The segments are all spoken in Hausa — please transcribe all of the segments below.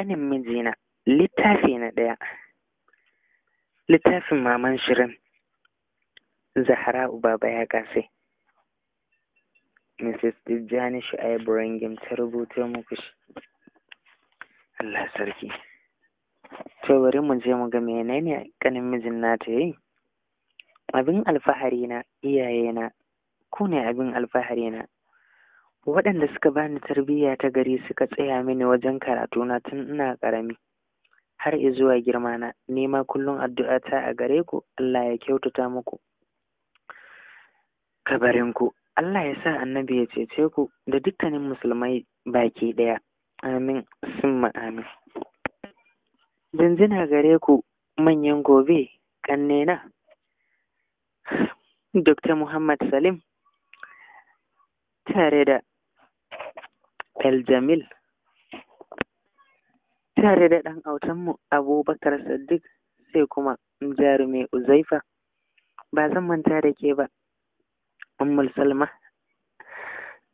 ƙanin mijina littafi na ɗaya littafin maman shirin zahara baba ya kasai mrs tijjani shu'aib rangim ta rubuto muku shi allah sarki to bari mu je mu ga menene ƙanin mijin nata yayi abin alfahari na iyaye na ku ne abin alfahari na waɗanda suka bani tarbiyya ta gari suka tsaya mini wajen karatuna tun ina ƙarami har zuwa girmana nema kullum addu'a ta a gare ku Allah ya kyautata muku kabarinku Allah ya sa annabi ya cece ku da dukkanin musulmai baki ɗaya amin summa amin jinjina gare ku manyan gobe ƙannena Dr. Muhammad Salim tare da Aljamil. tare da ɗan autanmu Abubakar Saddiq sai kuma jarumi Uzaifa ba zan manta da ke ba Ummul Salma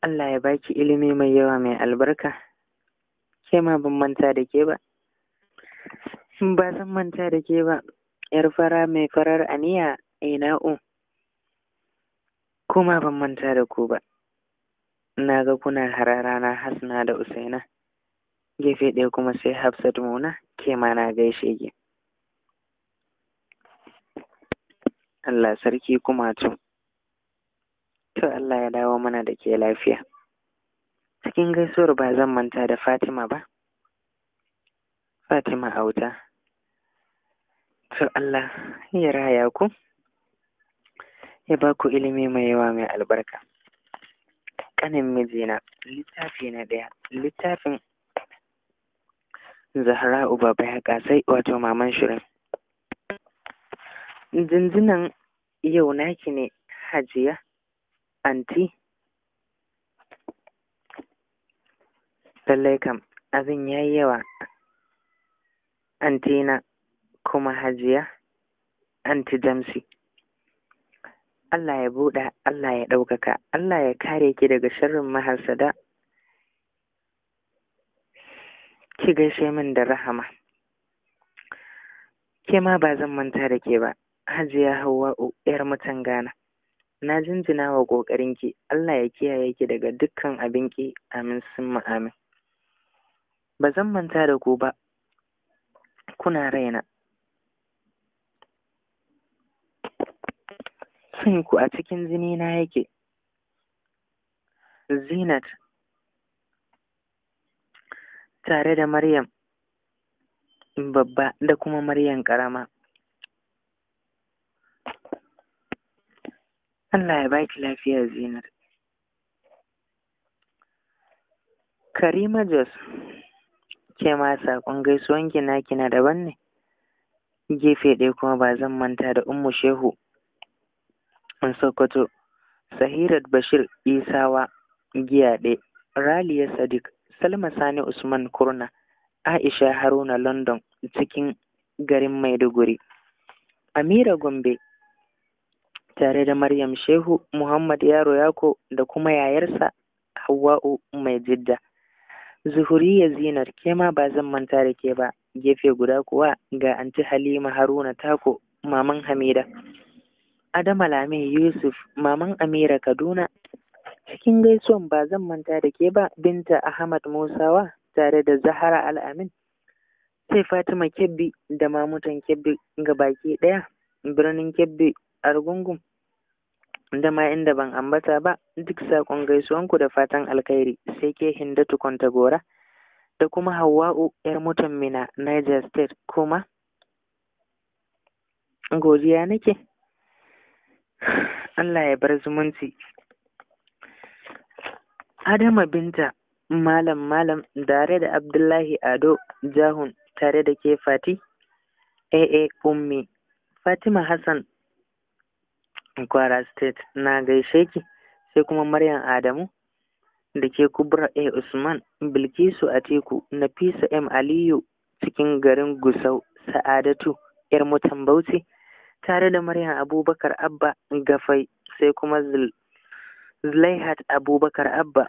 Allah ya baki ilimi mai yawa mai albarka ke ma ban manta da ke ba ba zan manta da ke ba yar fara mai farar aniya ina'u kuma ban manta da ku ba na ga kuna hararana hasna da usaina gefe ɗaya kuma sai hafsat muna ke ma gaishe ki allah sarki kuma to to allah ya dawo mana da ke lafiya cikin gaisuwar ba zan manta da fatima ba fatima auta to allah ya raya ku ya ba ku ilimi mai yawa mai albarka ƙanin mijina littafi na ɗaya littafin zahra, uba, ya sai wato maman shirin jinjinan yau naki ne hajiya anti lallai kam abin ya yi yawa antina kuma hajiya anti jamsi Allah ya buɗa, Allah ya ɗaukaka, Allah ya kare ki daga sharrin mahasada. Ki gaishe min da rahama. Ke ma ba zan manta da ke ba, Haji Hajiya Hauwa'u, ‘yar mutan Ghana. Na jinjina wa ƙoƙarinki, Allah ya kiyaye ki daga dukkan abinki, amin sun amin. Ba zan manta da ku ba, kuna raina. son ku a cikin jini na yake zinat tare da maryam babba da kuma maryam karama Allah ya baki lafiya zinat Karima Jos ke ma saƙon gaisuwan kina kina daban ne gefe ɗaya kuma ba zan manta da Ummu Shehu a Sokoto, sahirat Bashir Isawa Giyaɗe, Raliya Sadiq, Salma Sani Usman Kurna, Aisha Haruna London cikin garin Maiduguri, Amira Gombe tare da Maryam Shehu Muhammad Yaro Yako da kuma yayarsa Hawwa'u Mai Jidda. Zuhuriya Zinar ke ma ba zan manta da ke ba, gefe guda kuwa ga anti Halima Haruna Tako, maman Hamida. Adama Lame Yusuf, Maman Amira Kaduna. Cikin gaisuwan ba zan manta da ke ba Binta Ahmad Musawa tare da Zahara Al'amin. Sai Fatima Kebbi da Mamutan Kebbi ga baki ɗaya birnin Kebbi Argungun. Da ma inda ban ambata ba duk saƙon gaisuwanku da fatan alkhairi sai ke Hindatu Kwantagora da kuma Hauwa'u 'yar mutan Mina Niger State kuma godiya nake. Allah ya bar zumunci Adama binta malam malam tare da Abdullahi Ado Jahun tare da ke Fati AA Ummi Fatima Hassan Kwara State na gaishe ki sai kuma Maryam Adamu da ke Kubra A Usman Bilkisu Atiku Nafisa M Aliyu cikin garin Gusau Sa'adatu 'yar mutan Bauchi tare da Maryam Abubakar Abba Gafai sai kuma Zulaihat Abubakar Abba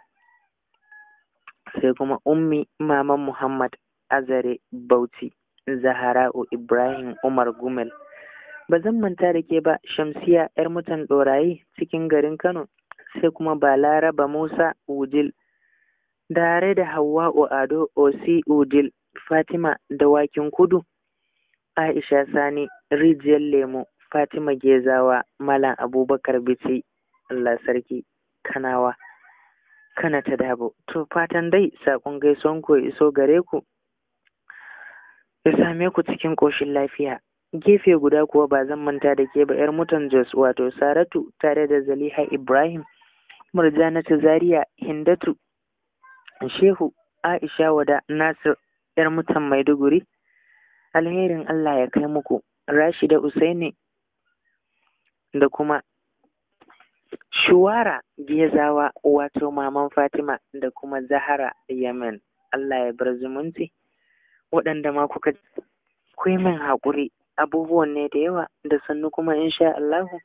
sai kuma Ummi Maman Muhammad Azare Bauchi Zahara'u Ibrahim Umar Gumel ba zan manta da ke ba Shamsiya yar mutan ɗorayi cikin garin Kano sai kuma Balaraba Musa Wudil Dare da Hawwa Ado Osi Udil, Fatima da Wakin Kudu, Aisha Sani Rijiyar Lemo Fatima Gezawa Malam Abubakar Bichi Allah Sarki Kanawa Kana ta dabo to fatan dai saƙon gaison ku iso gare ku ya same ku cikin ƙoshin lafiya gefe guda kuwa ba zan manta da ke ba yar mutan Jos wato Saratu tare da Zaliha Ibrahim Murjanatu Zaria Hindatu Shehu Aisha Wada Nasir yar mutan Maiduguri alherin Allah ya kai muku Rashida Usaini da kuma Shuwara Gezawa wato maman Fatima da kuma Zahara Yemen Allah ya bar zumunci waɗanda ma kuka kai min haƙuri abubuwan ne da yawa da sannu kuma insha Allahu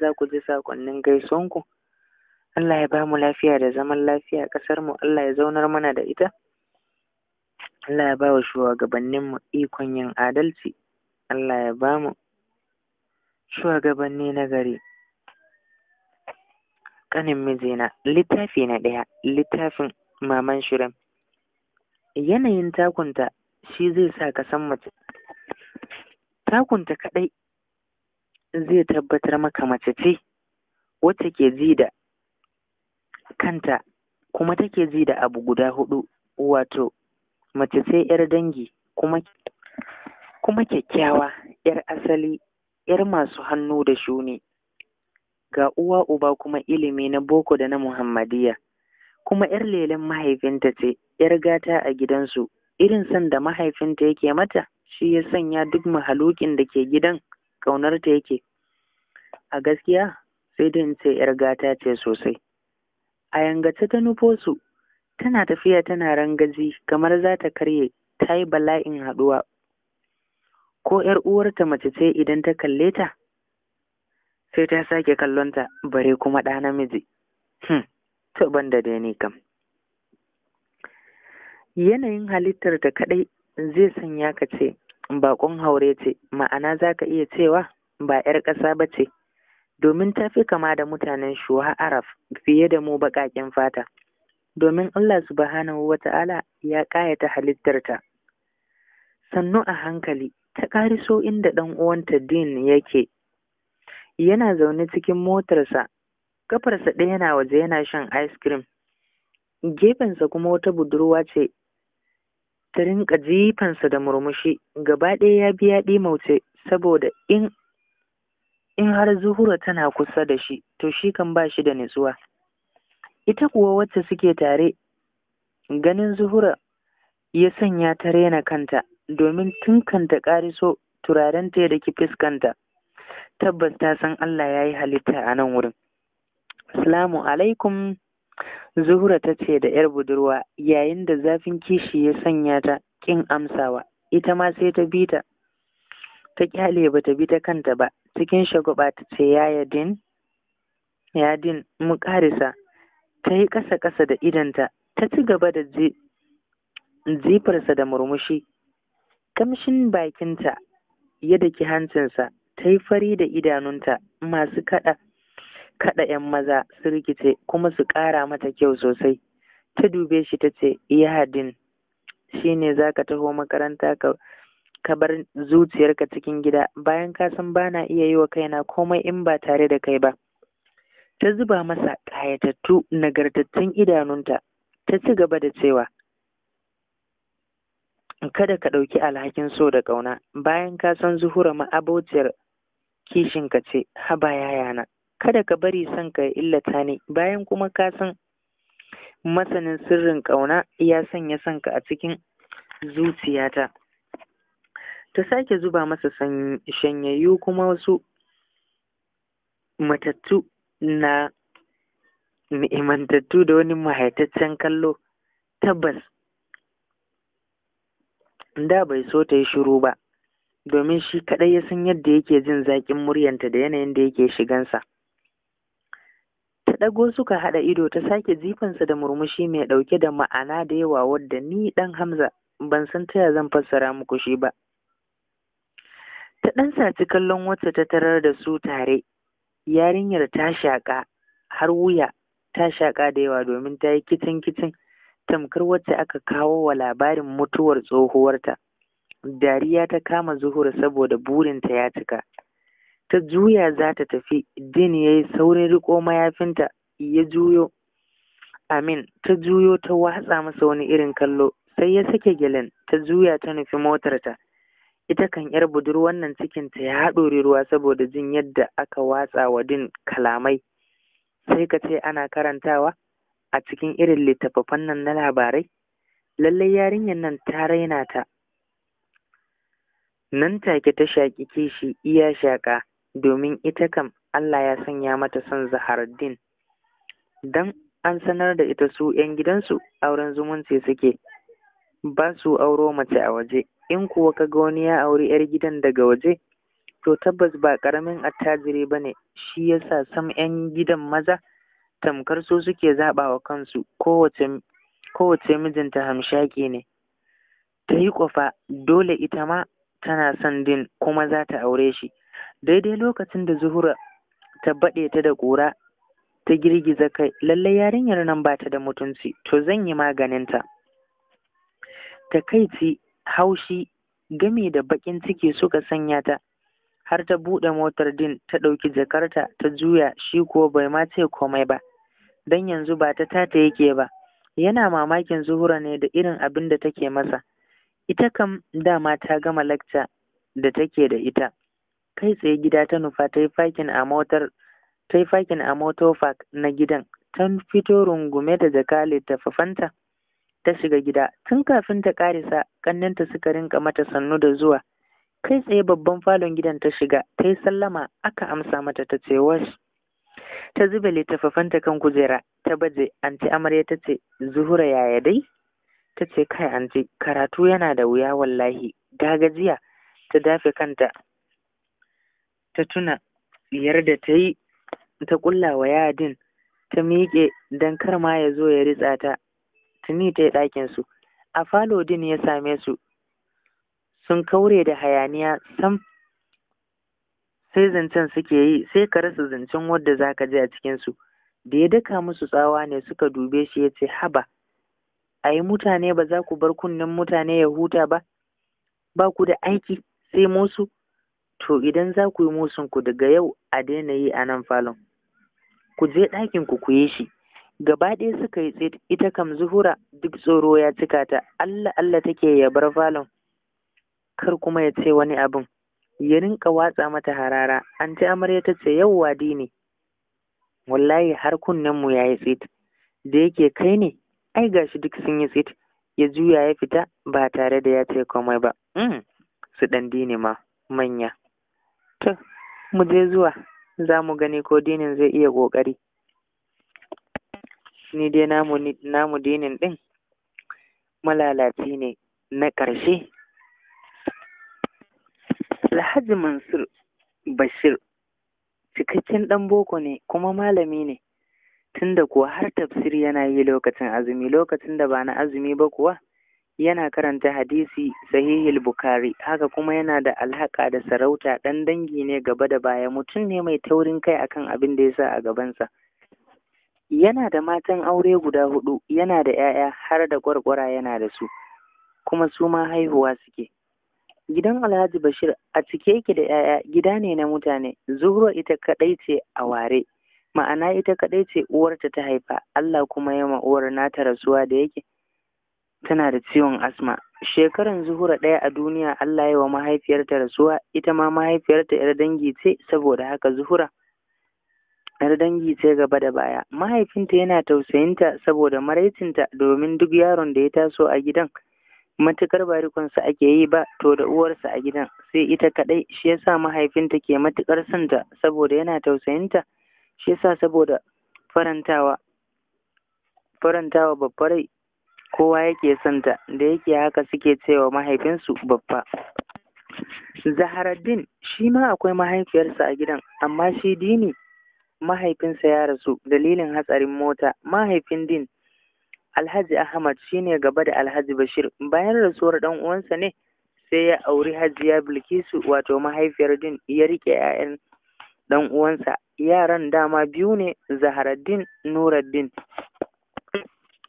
za ku ji sakonnin gaisonku Allah ya ba mu lafiya da zaman lafiya ƙasarmu Allah ya zaunar mana da ita Allah ya ba wa shugabanninmu ikon yin adalci Allah ya ba mu shugabanni na gari ƙanin mijina littafi na ɗaya littafin maman shirin yanayin takunta shi zai sa ka san mace takunta kaɗai zai tabbatar maka mace ce wacce ke ji da kanta kuma take ji da abu guda huɗu wato mace sai ‘yar dangi kuma kyakkyawa ‘yar asali ‘yar masu hannu da shuni ga uwa uba kuma ilimi na boko da na muhammadiyya kuma ‘yar lelen mahaifinta ce ‘yar gata a gidansu irin sanda da mahaifinta yake mata shi ya sanya duk mahalukin da ke gidan ƙaunarta yake a gaskiya sai dai in ce ‘yar gata ce sosai a yangace ta nufo su tana tafiya tana rangaji kamar za ta karye ta yi bala'in haɗuwa ko ‘yar uwarta mace ce idan ta kalle ta sai ta sake kallonta bare kuma ɗa namiji hmm, to ban da dai kam yanayin halittar ta kaɗai zai sanya ka ce bakon haure ce ma'ana za ka iya cewa ba 'yar ƙasa ba ce domin ta fi kama da mutanen shuha araf fiye da mu baƙaƙen fata domin Allah subhanahu wa ta'ala ya ƙayata halittarta. Sannu a hankali, ta ƙari so inda ɗan uwanta Din yake. Yana zaune cikin motarsa, kafarsa ɗaya yana waje yana shan ice cream. Gefensa kuma wata budurwa ce ta rinka jifansa da murmushi gaba ɗaya ya biya ɗi mauce saboda in in har zuhura tana kusa da shi to shi kan ba shi da nutsuwa ita kuwa wacce suke tare ganin zuhura ya sanya ta rena kanta domin tun tunkanta ƙariso turarenta ya ki fuskanta tabbas ta san Allah ya yi halitta a nan wurin Salamu alaikum Zuhura ta ce da ‘yar budurwa yayin da zafin kishi ya sanya ta ƙin amsawa, ita ma sai ta bi ta, ta ƙyale ba ta bi ta kanta ba, cikin shagwaba ta ce ya yadin, mu ƙarisa, ta yi ƙasa-ƙasa da idonta ta ci gaba da jifarsa da murmushi kamshin bakinta ya daki hancinsa ta yi fari da idanunta masu kaɗa kaɗa 'yan maza su rikice kuma su ƙara mata kyau sosai ta dube shi ta ce yahadin shi ne za ka taho makaranta ka bar zuciyarka cikin gida bayan ka san ba iya yi wa kaina komai in ba tare da kai ba ta zuba masa ƙayatattu nagartattun idanunta ta ci gaba da cewa kada ka ɗauki alhakin so da ƙauna bayan ka san zuhura ma'abociyar kishinka ce haba yayana kada ka bari son ka illata ni bayan kuma ka san masanin sirrin ƙauna ya sanya son ka a cikin zuciyata ta sake zuba masa shanyayyu kuma wasu matattu na ni'imantattu da wani mahaitaccen kallo tabbas da bai so ta yi shiru ba domin shi kaɗai ya san yadda yake jin zaƙin muryanta da yanayin da yake shigansa ta ɗago suka haɗa ido ta sake jifansa da murmushi mai ɗauke da ma'ana da yawa wadda ni ɗan hamza ban san taya zan fassara muku shi ba ta ɗan saci kallon wacce ta tarar da su tare yarinyar ta shaƙa har wuya ta shaƙa da yawa domin ta yi kicin kicin tamkar wacce aka kawo wa labarin mutuwar tsohuwarta dariya ta kama zuhura saboda burinta ya cika ta juya za ta tafi din ya yi saurin riko mayafinta ya juyo amin ta juyo ta watsa masa wani irin kallo sai ya sake gyalen ta juya ta nufi motarta ita kan yar budurwar nan cikinta ya ɗori ruwa saboda jin yadda aka watsa wa din kalamai sai ka ce ana karantawa a cikin irin littattafan nan na labarai lallai yarinyar nan ta raina ta nan take ta shaƙi kishi iya shaƙa domin ita kam Allah ya sanya mata son Zaharaddin dan an sanar da ita su ‘yan gidansu auren zumunci suke ba su auro mace a waje in kuwa ka ga wani ya auri ‘yar gidan daga waje, to tabbas ba ƙaramin attajiri ba ne, shi ya sa sam ‘yan gidan maza tamkar su suke zaɓa wa kansu, kowace, mijinta hamshaki ne. Ta yi ƙwafa, dole ita ma tana son din kuma za ta aure shi. Daidai lokacin da Zuhura ta baɗe ta da ƙura ta girgiza kai lallai yarinyar nan ba ta da mutunci to zan yi maganinta Ta takaici haushi gami da baƙin ciki suka sanya ta har ta buɗe motar din ta ɗauki jakarta ta juya shi kuwa bai ma ce komai ba don yanzu ba ta tata yake ba yana mamakin zuhura ne da irin abin da take masa ita kam dama ta gama lakca da take da ita kai tsaye gida ta nufa ta yi fakin a motar ta yi fakin a motor na gidan ta fito rungume da jaka fafanta ta shiga gida tun kafin ta karisa ƙannenta suka rinka mata sannu da zuwa kai tsaye babban falon gidan ta shiga ta yi sallama aka amsa mata ta ce wash ta zube ta kan kujera ta baje anti amarya ta ce zuhura yaya dai ta ce kai anti karatu yana da wuya wallahi gagajiya ta dafe kanta ta tuna yarda ta yi ta kulla wa yadin ta miƙe don kar ma ya zo ya ritsa ta tuni ta yi ɗakinsu a falo din ya same su sun kaure da hayaniya sam sai zancen suke yi sai ka rasa zancen wadda za ka ji a cikinsu da ya daka musu tsawa ne suka dube shi ya ce haba a yi mutane ba za ku bar kunnen mutane ya huta ba ba ku da aiki sai musu to idan za ku yi musun daga yau a daina yi a nan falon ku je ɗakin ku ku yi shi gaba ɗaya suka yi tsit ita kam zuhura duk tsoro ya cika ta allah allah take ya bar falon kar kuma ya ce wani abin ya rinka watsa mata harara an ci amarya ta ce yau wadi ne wallahi har kunnen mu yayi tsit da yake kai ne ai gashi duk sun yi tsit ya juya ya fita ba tare da ya ce komai ba mm. su dan dini ma manya to mu je zuwa za mu gani ko dinin zai iya ƙoƙari ni dai namu namu dinin ɗin malalaci ne na ƙarshe Alhaji Mansur Bashir cikakken ɗan boko ne kuma malami ne tunda kuwa har tafsir yana yi lokacin azumi lokacin da ba na azumi ba kuwa yana karanta hadisi sahihil bukari haka kuma yana da alhaka da sarauta ɗan dangi ne gaba da baya mutum ne mai taurin kai akan abin da ya sa a gabansa yana da matan aure guda hudu yana da 'ya'ya har da gwargwara yana da su kuma su ma haihuwa suke gidan alhaji bashir a cike yake da 'ya'ya gida ne na mutane zuhura ita kadai ce a ware ma'ana ita kaɗai ce uwarta ta haifa allah kuma ya uwar nata rasuwa da yake tana da ciwon asma shekaran zuhura ɗaya a duniya allah ya wa mahaifiyarta rasuwa ita ma mahaifiyarta 'yar dangi ce saboda haka zuhura 'yar dangi ce gaba da baya mahaifinta yana tausayinta saboda maraicinta domin duk yaron da ya taso a gidan matukar ba ake yi ba to da uwarsa a gidan sai ita kadai shi yasa mahaifinta ke matukar sonta saboda yana tausayinta shi yasa saboda farantawa farantawa babba kowa yake santa, da yake haka suke cewa mahaifinsu babba zaharaddin shi ma akwai mahaifiyarsa a gidan amma shi dini mahaifinsa ya rasu dalilin hatsarin mota mahaifin din alhaji ahmad shine gaba da alhaji bashir bayan rasuwar ɗan uwansa ne sai ya auri hajiya bilkisu wato mahaifiyar din ya rike 'ya'yan ɗan uwansa yaran dama biyu ne zaharaddin nuraddin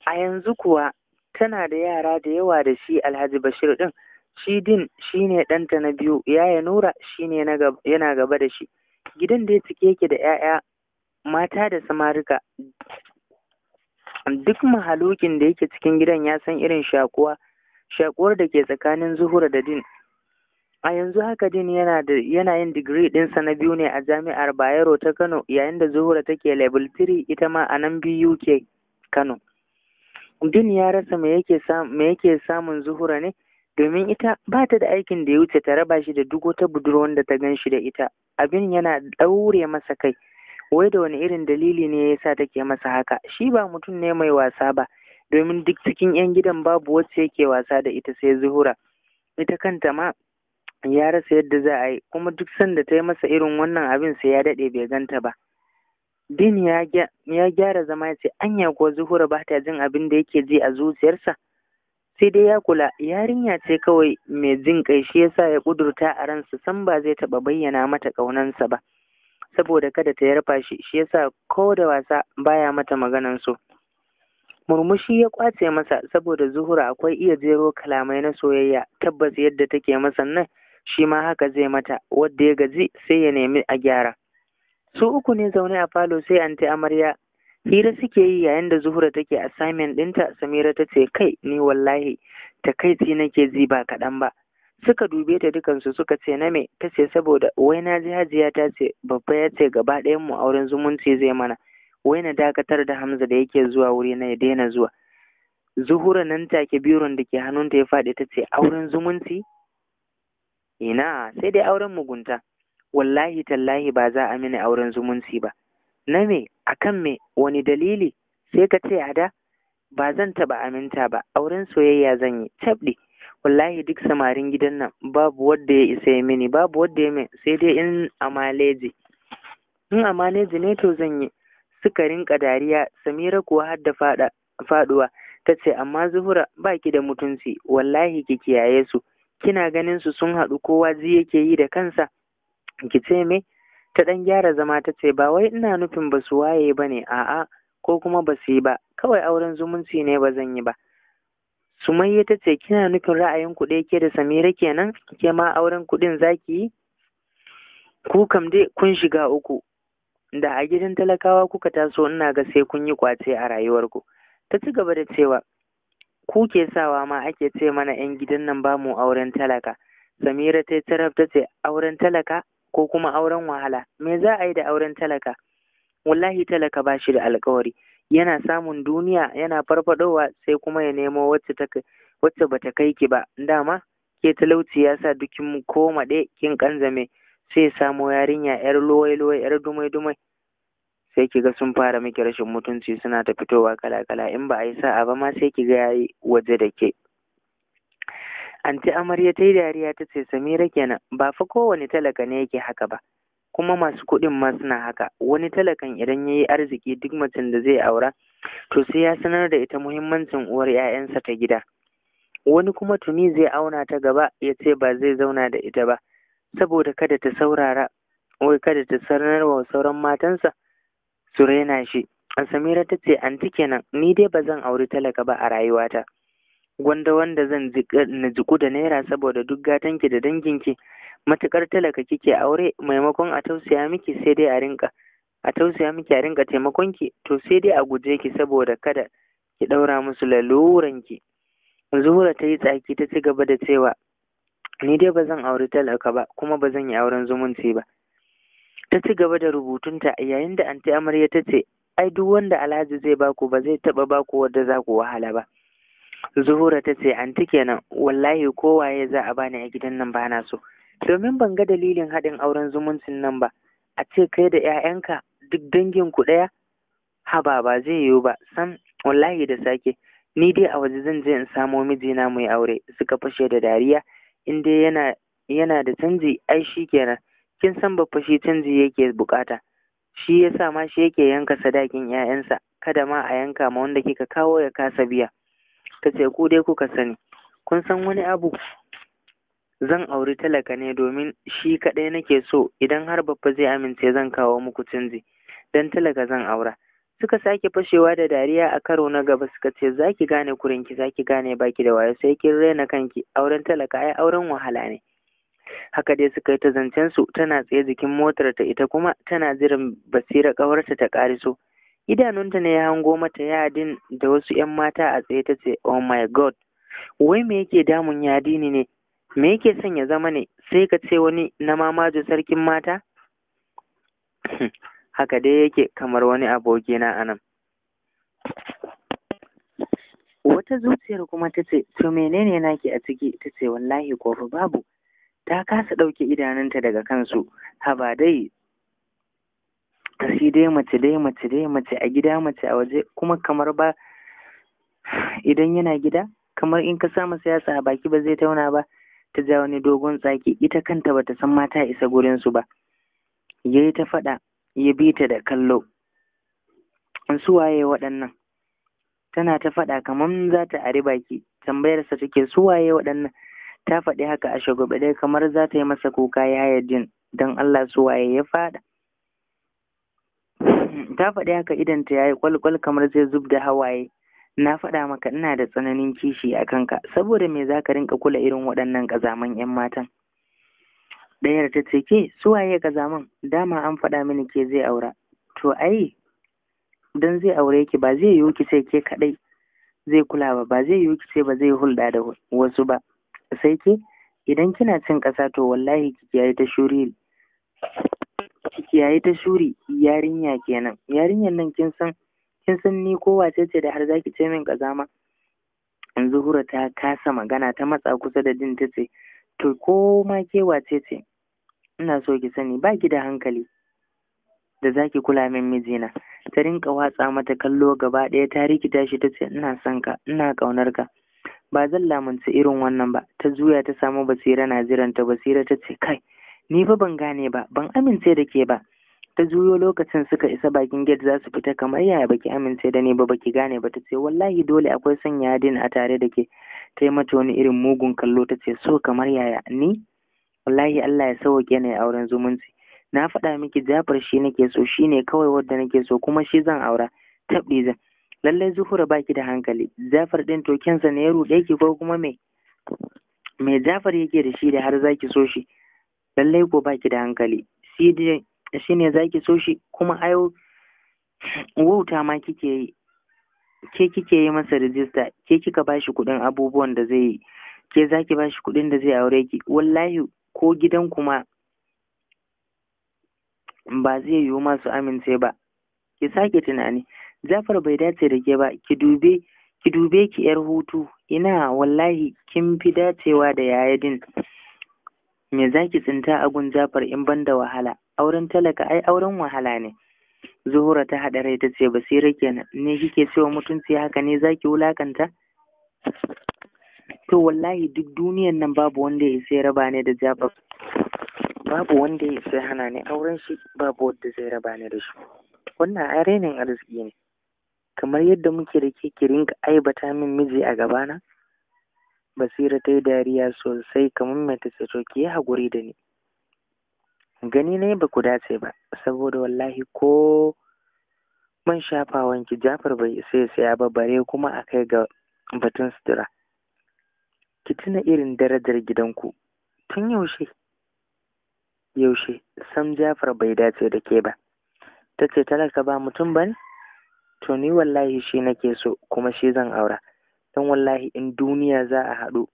a yanzu kuwa tana da yara da yawa da shi alhaji bashir ɗin. shi din ne ɗanta na biyu yaya nura ne yana gaba da shi gidan da ya cike yake da 'ya'ya mata da samarika duk mahalukin da yake cikin gidan ya san irin shakuwa shakuwar da ke tsakanin zuhura da din a yanzu haka din yana da yana yin digiri ɗinsa na biyu ne a jami'ar bayero ta kano yayin da zuhura take level 3 ita ma a nan biyu ke kano din ya rasa me yake me yake samun zuhura ne domin ita ba ta da aikin da ya wuce ta raba shi da duk wata budurwar da ta gan shi da ita abin yana ɗaure masa kai wai da wani irin dalili ne ya sa take masa haka shi ba mutum ne mai wasa ba domin duk cikin yan gidan babu wacce yake wasa da ita sai zuhura ita kanta ma ya rasa yadda za a yi kuma duk sanda ta yi masa irin wannan abin sai ya daɗe bai ganta ba din ya gyara zama ya ce anya ko zuhura ba ta jin abin da yake ji a zuciyarsa sai dai ya kula yarinya ce kawai mai jin kai shi yasa ya kudurta a ransa san ba zai taɓa bayyana mata ƙaunansa ba saboda kada ta yarfa shi shi yasa ko da wasa baya mata maganan su murmushi ya kwace masa saboda zuhura akwai iya jero kalamai na soyayya tabbas yadda take masa nan shi ma haka zai mata wadda ya gaji sai ya nemi a gyara su uku ne zaune a falo sai anti amarya hira suke yi yayin da zuhura take assignment ɗinta samira ta ce kai ni wallahi ta kai nake ji ba kaɗan ba suka dube ta dukansu suka ce na me ta ce saboda wai na ji hajiya ta ce babba ya ce gaba ɗayan mu auren zumunci zai mana wai na dakatar da hamza da yake zuwa wuri na ya daina zuwa zuhura nan take biron da ke hannunta ya faɗi ta ce auren zumunci ina sai dai auren mugunta wallahi tallahi ba za a mini auren zumunci ba na me kan me wani dalili sai ka ce da? ba zan taɓa aminta ba auren soyayya zan yi cabɗi wallahi duk samarin gidan nan babu wanda ya isa ya mini babu wanda ya mini sai dai in amaleji. in amaleji ne to zan yi suka rinka dariya samira kuwa har da faduwa ta ce amma zuhura 'ba ki da mutunci wallahi ki kiyaye su kina ganin su sun haɗu kowa ji yake yi da kansa ki ce me ta ɗan gyara zama ta ce ba wai ina nufin ba su waye ba ne a'a ko kuma ba su yi ba kawai auren zumunci ne ba zan yi ba Sumayya ta ce kina nufin ra'ayin ku ɗaya ke da Samira kenan ke ma auren kuɗin zaki yi? Ku kam dai kun shiga uku da a gidan talakawa kuka taso ina ga sai kun yi kwace a rayuwarku. Ta ci gaba da cewa ku ke sawa ma ake ce mana 'yan gidan nan ba mu auren talaka. Samira ta taraf ta ce auren talaka ko kuma auren wahala me za a yi da auren talaka? Wallahi talaka ba shi da alkawari. yana samun duniya yana farfadowa sai kuma ya nemo wacce ta wacce bata kai ki ba dama ke talauci ya sa dukin ko maɗe kin kanzame sai ya samo yarinya yar lowai lowai yar dumai dumai sai kiga sun fara miki rashin mutunci suna ta fitowa kala kala in ba a yi sa'a ba ma sai kiga yayi waje da ke anti amarya ta yi dariya ta ce samira kenan ba fa kowane talaka ne yake haka ba kuma masu kuɗin ma suna haka wani talakan idan ya yi arziki duk macen da zai aura to sai ya sanar da ita muhimmancin uwar 'ya'yansa ta gida wani kuma tuni zai auna ta gaba ya ce ba zai zauna da ita ba saboda kada ta saurara wai kada ta sanar wa sauran matansa su raina shi a samira ta ce anti kenan ni dai ba zan auri talaka ba a rayuwata gwanda wanda zan na jiku da naira saboda duk gatanki da danginki matukar talaka kike aure maimakon a tausaya miki sai dai a rinka a tausaya miki a rinka taimakon ki to sai dai a guje ki saboda kada ki ɗaura musu laluran ki zuhura ta yi tsaki ta ci da cewa ni dai ba zan auri talaka ba kuma ba zan yi auren zumunci ba ta ci da rubutunta yayin da anti amarya ta ce ai duk wanda alhaji zai baku ba zai taba baku wadda za ku wahala ba zuhura ta ce anti kenan wallahi kowaye za a bani a gidan nan bana so domin ban ga dalilin haɗin auren zumuncin nan ba a ce kai da 'ya'yanka duk dangin ku ɗaya haba ba zai yiwu ba sam wallahi da sake ni dai a waje zan je in samo mijina mu yi aure suka fashe da dariya in dai yana da canji ai shi kenan kin san ba shi canji yake bukata shi yasa ma shi yake yanka sadakin 'ya'yansa kada ma a yanka ma wanda kika kawo ya kasa biya ta ce ku dai kuka sani kun san wani abu zan auri talaka ne domin shi kaɗai nake so idan har babba zai amince zan kawo muku canji dan talaka zan aura suka sake fashewa da dariya a karo na gaba suka ce za ki gane kurinki za ki gane baki da wayo sai kin raina kanki auren talaka ai auren wahala ne haka dai suka yi ta zancen su tana tsaye jikin motar ta ita kuma tana jiran basira ƙawarta ta kariso idanunta ne ya hango mata yadin da wasu yan mata a tsaye ta ce oh my god wai me yake damun yadini ne me yake son ya zama ne sai ka ce wani na mamajo sarkin mata haka dai yake kamar wani abokina a nan wata zuciyar kuma ta ce to menene naki a ciki ta ce wallahi kofi babu ta kasa ɗauke idanunta daga kansu haba dai shi dai mace dai mace dai mace a gida mace a waje kuma kamar ba idan yana gida kamar in ka samu siyasa a baki ba zai tauna ba ta ja wani dogon tsaki ita kanta bata san ma ta isa gurin su ba yayi ta faɗa ya bi ta da kallo su waye waɗannan tana ta faɗa kamar za ta ari baki tambayarsa take su waye waɗannan ta faɗi haka a shagwabe kamar za ta yi masa kuka ya jin don Allah su waye ya faɗa ta faɗi haka idan ya yi kwalkwal kamar zai zub da hawaye na faɗa maka ina da tsananin kishi a kanka saboda me za ka rinka kula irin waɗannan ƙazaman 'yan matan ɗayar ta ce ke waye ƙazaman dama an faɗa mini ke zai aura to ai don zai aure ki ba zai yiwu ki sai ke kaɗai zai kula ba ba zai yiwu ki sai ba zai hulɗa da wasu ba sai ke idan kina cin ƙasa to wallahi ki kiyaye ta shuri ki kiyaye ta shuri yarinya kenan yarinyar nan kin san kin san ni ko wace ce da har zaki ce min kazama zuhura ta kasa magana ta matsa kusa da din tace to ko ma ke wace ce ina so ki sani ba ki da hankali da zaki kula min mijina ta rinka watsa mata kallo gaba ɗaya ta rikita shi tace ina son ka ina ƙaunar ka ba zan lamunci irin wannan ba ta juya ta samu basira na ta. basira ta ce kai ni fa ban gane ba ban amince da ke ba ta juyo lokacin suka isa bakin gate za su fita kamar yaya baki amince da ni ba baki gane ba tace ce wallahi dole akwai sanya din a tare da ke ta yi mata wani irin mugun kallo tace so kamar yaya ni wallahi Allah ya sauke ni auren zumunci na faɗa miki Jafar shi nake so shi ne kawai wanda nake so kuma shi zan aura zan lallai Zuhura baki da hankali Jafar ɗin tokensa ne ya ruɗe ki ko kuma me me Jafar yake da shi da har zaki so shi lallai ko baki da hankali sai shi ne za ki so shi kuma ayo wauta ma kike yi ke kike yi masa rijista ke kika ba shi kuɗin abubuwan da zai yi ke za ki ba shi kuɗin da zai aure ki wallahi ko gidan kuma ba zai yiwu masu amince ba ki sake tunani zafar bai dace da ke ba ki dube ki dube ki yar hutu ina wallahi kin fi dacewa da yaya din me za ki tsinta a gun zafar in ban da wahala auren talaka ai auren wahala ne zuhura ta haɗa rai ta ce basira kenan ne kike cewa mutunci haka ne zaki wulakanta to wallahi duk duniyan nan babu wanda ya sai raba ne da jaba babu wanda ya sai hana ne auren shi babu wanda zai raba ne da shi wannan ai rainin arziki ne kamar yadda muke da ke ka aibata min miji a gabana basira ta yi dariya sosai kamar mai ta ce to ki yi haƙuri da ni gani ne ba ku dace ba saboda wallahi ko man shafawan ki Jafar bai ya saya ba bare kuma a kai ga batun sutura ki tuna irin darajar gidanku tun yaushe yaushe sam Jafar bai dace da ke ba Ta ce talaka ba mutum ba ne. to ni wallahi shi nake so kuma shi zan aura don wallahi in duniya za a haɗu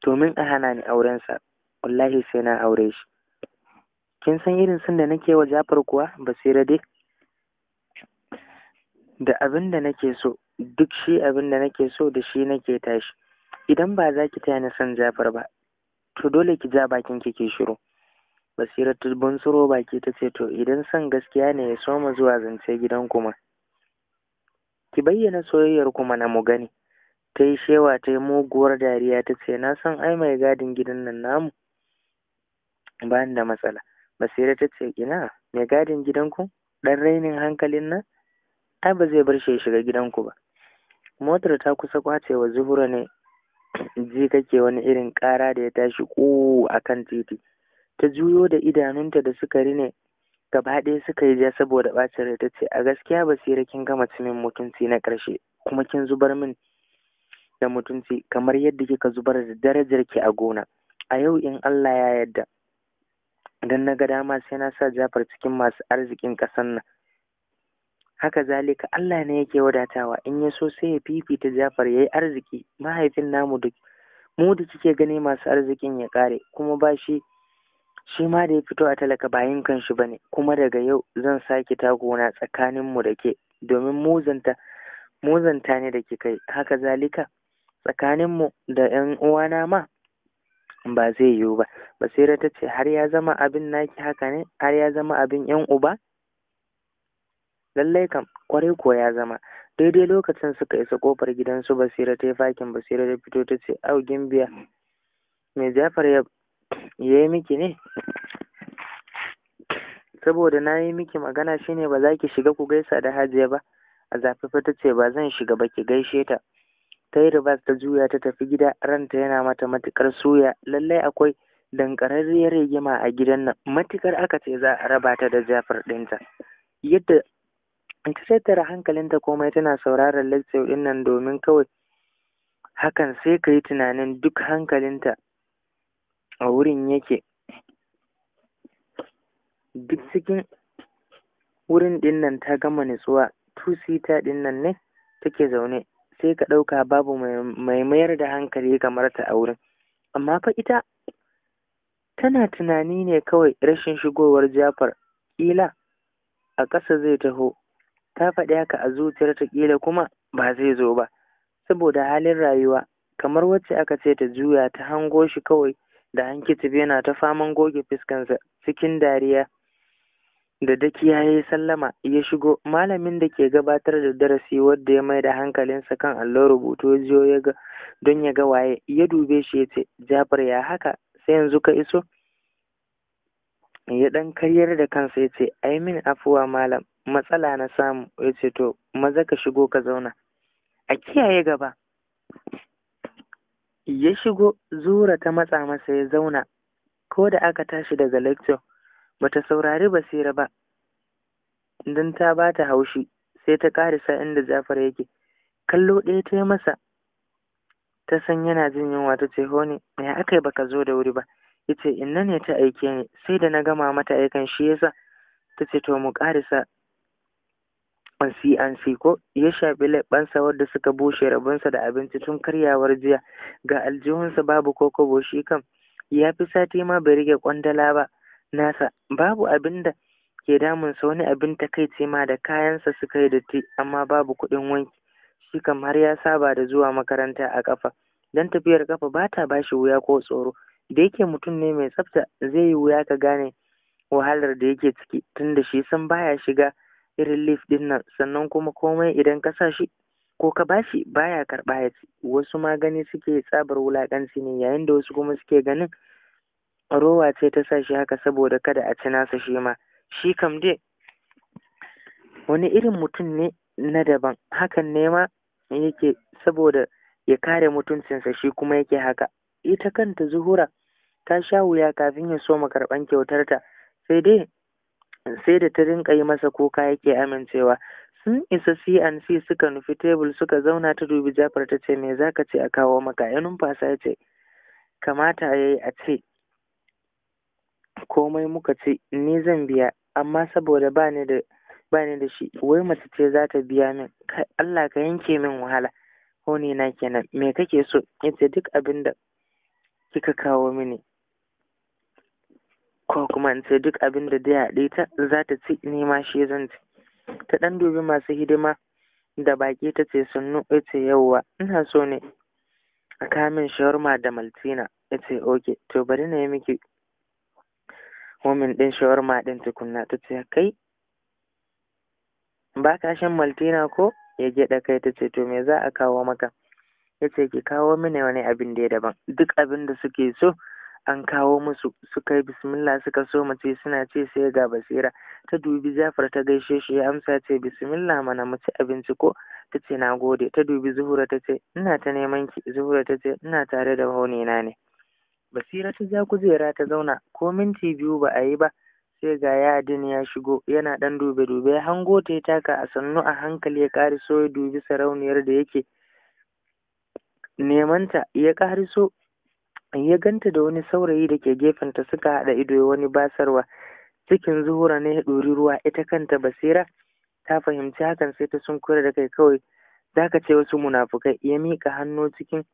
to min a hana ni aurensa wallahi sai na aure shi kin san irin sun da nake wa jafar kuwa basira dai da abin da nake so duk shi abin da nake so da shi nake tashi idan ba za ki taya ni jafar ba to dole ki ja bakin ki ki shiru basira ta bunsuro baki ta ce to idan san gaskiya ne ya soma zuwa zance gidan kuma ki bayyana soyayyar kuma na mu gani ta yi shewa ta yi muguwar dariya ta ce na san ai mai gadin gidan nan namu ba da matsala Basira ta ce ina mai gadin gidanku ɗan rainin hankalin nan ai ba zai bar shi ya shiga gidanku ba motar ta kusa kwacewa zuhura ne ji kake wani irin ƙara da ya tashi ƙo a kan titi ta juyo da idanunta da suka rine gaba ɗaya suka yi ja saboda ɓacin rai ta ce a gaskiya basira kin gama cimin mutunci na ƙarshe kuma kin zubar min da mutunci kamar yadda kika zubar da darajar ki a gona a yau in Allah ya yarda idan na ga dama sai na sa Jafar cikin masu arzikin ƙasar nan haka zalika Allah ne yake wadatawa in ya so sai ya fifita Jafar yayi arziki mahaifin namu duk mu da kike gani masu arzikin ya kare kuma ba shi shi ma da ya fito a talaka bayan kan shi bane kuma daga yau zan sake tagona tsakanin mu da ke domin muzanta muzanta ne da ke kai haka zalika tsakanin mu da ƴan uwana ma ba zai yiwu ba basira ta ce har ya zama abin naki haka ne har ya zama abin yan uba lallai kam kwarai ko ya zama daidai lokacin suka isa kofar gidansu basira ta yi fakin basira ta fito ta ce au gimbiya mai jafar ya yi miki ne saboda na yi miki magana shine ba za ki shiga ku gaisa da hajiya ba a zafafa ta ce ba zan shiga ba ki gaishe ta ta yi ribas ta juya ta tafi gida ranta yana mata matukar suya lallai akwai dankararriyar rigima a gidan nan matukar aka ce za a raba ta da jafar ɗinta yadda ta tattara hankalinta komai tana sauraron lecture ɗin nan domin kawai hakan sai ka yi tunanin duk hankalinta a wurin yake duk cikin wurin ɗin nan ta gama nutsuwa tusita ɗin nan ne take zaune sai ka ɗauka babu mai mayar da hankali kamar ta a wurin amma fa ita tana tunani ne kawai rashin shigowar jafar ƙila a ƙasa zai taho ta faɗi haka a zuciyarta ƙila kuma ba zai zo ba saboda halin rayuwa kamar wacce aka ce ta juya ta hango shi kawai da hankitif yana ta faman goge fuskansa cikin dariya da dakiya ya yi sallama ya shigo malamin da ke gabatar da darasi wadda ya mai da hankalinsa kan allon rubutu ya ga don ya ga waye ya dube shi ya ce jafar ya haka sai yanzu ka iso ya dan karyar da kansa ya ce ai min afuwa malam matsala na samu ya ce to maza ka shigo ka zauna a kiyaye gaba ya shigo zura ta matsa masa ya zauna ko da aka tashi daga lecture bata saurari basira ba don ta bata haushi sai ta karisa inda jafar yake kallo ɗaya ta yi masa ta san yana jin yunwa ta ce hone me aka yi baka zo da wuri ba ya ce inna ne ta aike ni sai da na gama mata aikan shi yasa ta ce to mu ƙarisa CNC ko ya shafi leɓansa wadda suka bushe rabonsa da abinci tun karyawar jiya ga aljihunsa babu kokobo shi kam ya fi sati ma bai rike kwandala ba nasa babu abin da ke damunsa wani abin ta ce ma da kayansa suka yi datti amma babu kuɗin wanki shi kam har ya saba da zuwa makaranta a ƙafa don tafiyar ƙafa ba ta ba shi wuya ko tsoro da yake mutum ne mai tsafta zai yi wuya ka gane wahalar da yake ciki tunda shi san baya shiga irin lif ɗin nan sannan kuma komai idan ka sa shi ko ka bashi baya karɓa ya ci wasu magani suke tsabar wulaƙanci ne yayin da wasu kuma suke ganin rowa ce ta sa shi haka saboda kada a ci nasa shi ma shi kam dai wani irin mutum ne na daban hakan ne ma yake saboda ya kare mutuncinsa shi kuma yake haka ita kanta zuhura ta sha wuya kafin ya so kyautar ta. sai dai sai da ta rinka yi masa kuka yake amincewa sun isa cnc suka nufi tebul suka zauna ta dubi jafar ta ce me zaka ce a kawo maka ya numfasa ya ce kamata ya yi a ce komai muka ci ni zan biya amma saboda ba ni da shi wai mace ce za ta biya min Allah ka yanke min wahala ni na kenan me kake so yace duk abin da kika kawo mini ko kuma in duk abin da da yaɗe ta za ta ci ni ma shi zan ci ta ɗan dubi masu hidima da baki ta ce sunnu yace ce ina so ne a kamin shawarma da maltina yace oke to bari na yi miki Momin ɗin shawarma ɗin tukunna ta ce kai ba ka shan maltina ko ya gyaɗa kai ta ce to me za a kawo maka ya ce ki kawo mini wani abin da ya daban duk abin da suke so an kawo musu suka yi bismillah suka so mace suna ce sai ga basira ta dubi jafar ta gaishe shi ya amsa ce bismillah mana mu ci abinci ko ta ce na gode ta dubi zuhura ta ce ina ta neman ki zuhura ta ce ina tare da hauni na ne Basira ta ja kujera ta zauna, ko minti biyu ba a yi ba, sai ga yadin ya shigo, yana ɗan dube-dube, hango ta ya taka a sannu a hankali ya ƙariso ya dubi sarauniyar da yake nemanta, ya ƙariso ya ganta da wani saurayi da ke gefenta suka haɗa ido ya wani basarwa, cikin zuhura ne ya ɗori ruwa ita kanta basira, ta fahimci hakan sai ta sunkuyar da kai kawai, za ka ce wasu munafukai, ya miƙa hannu cikin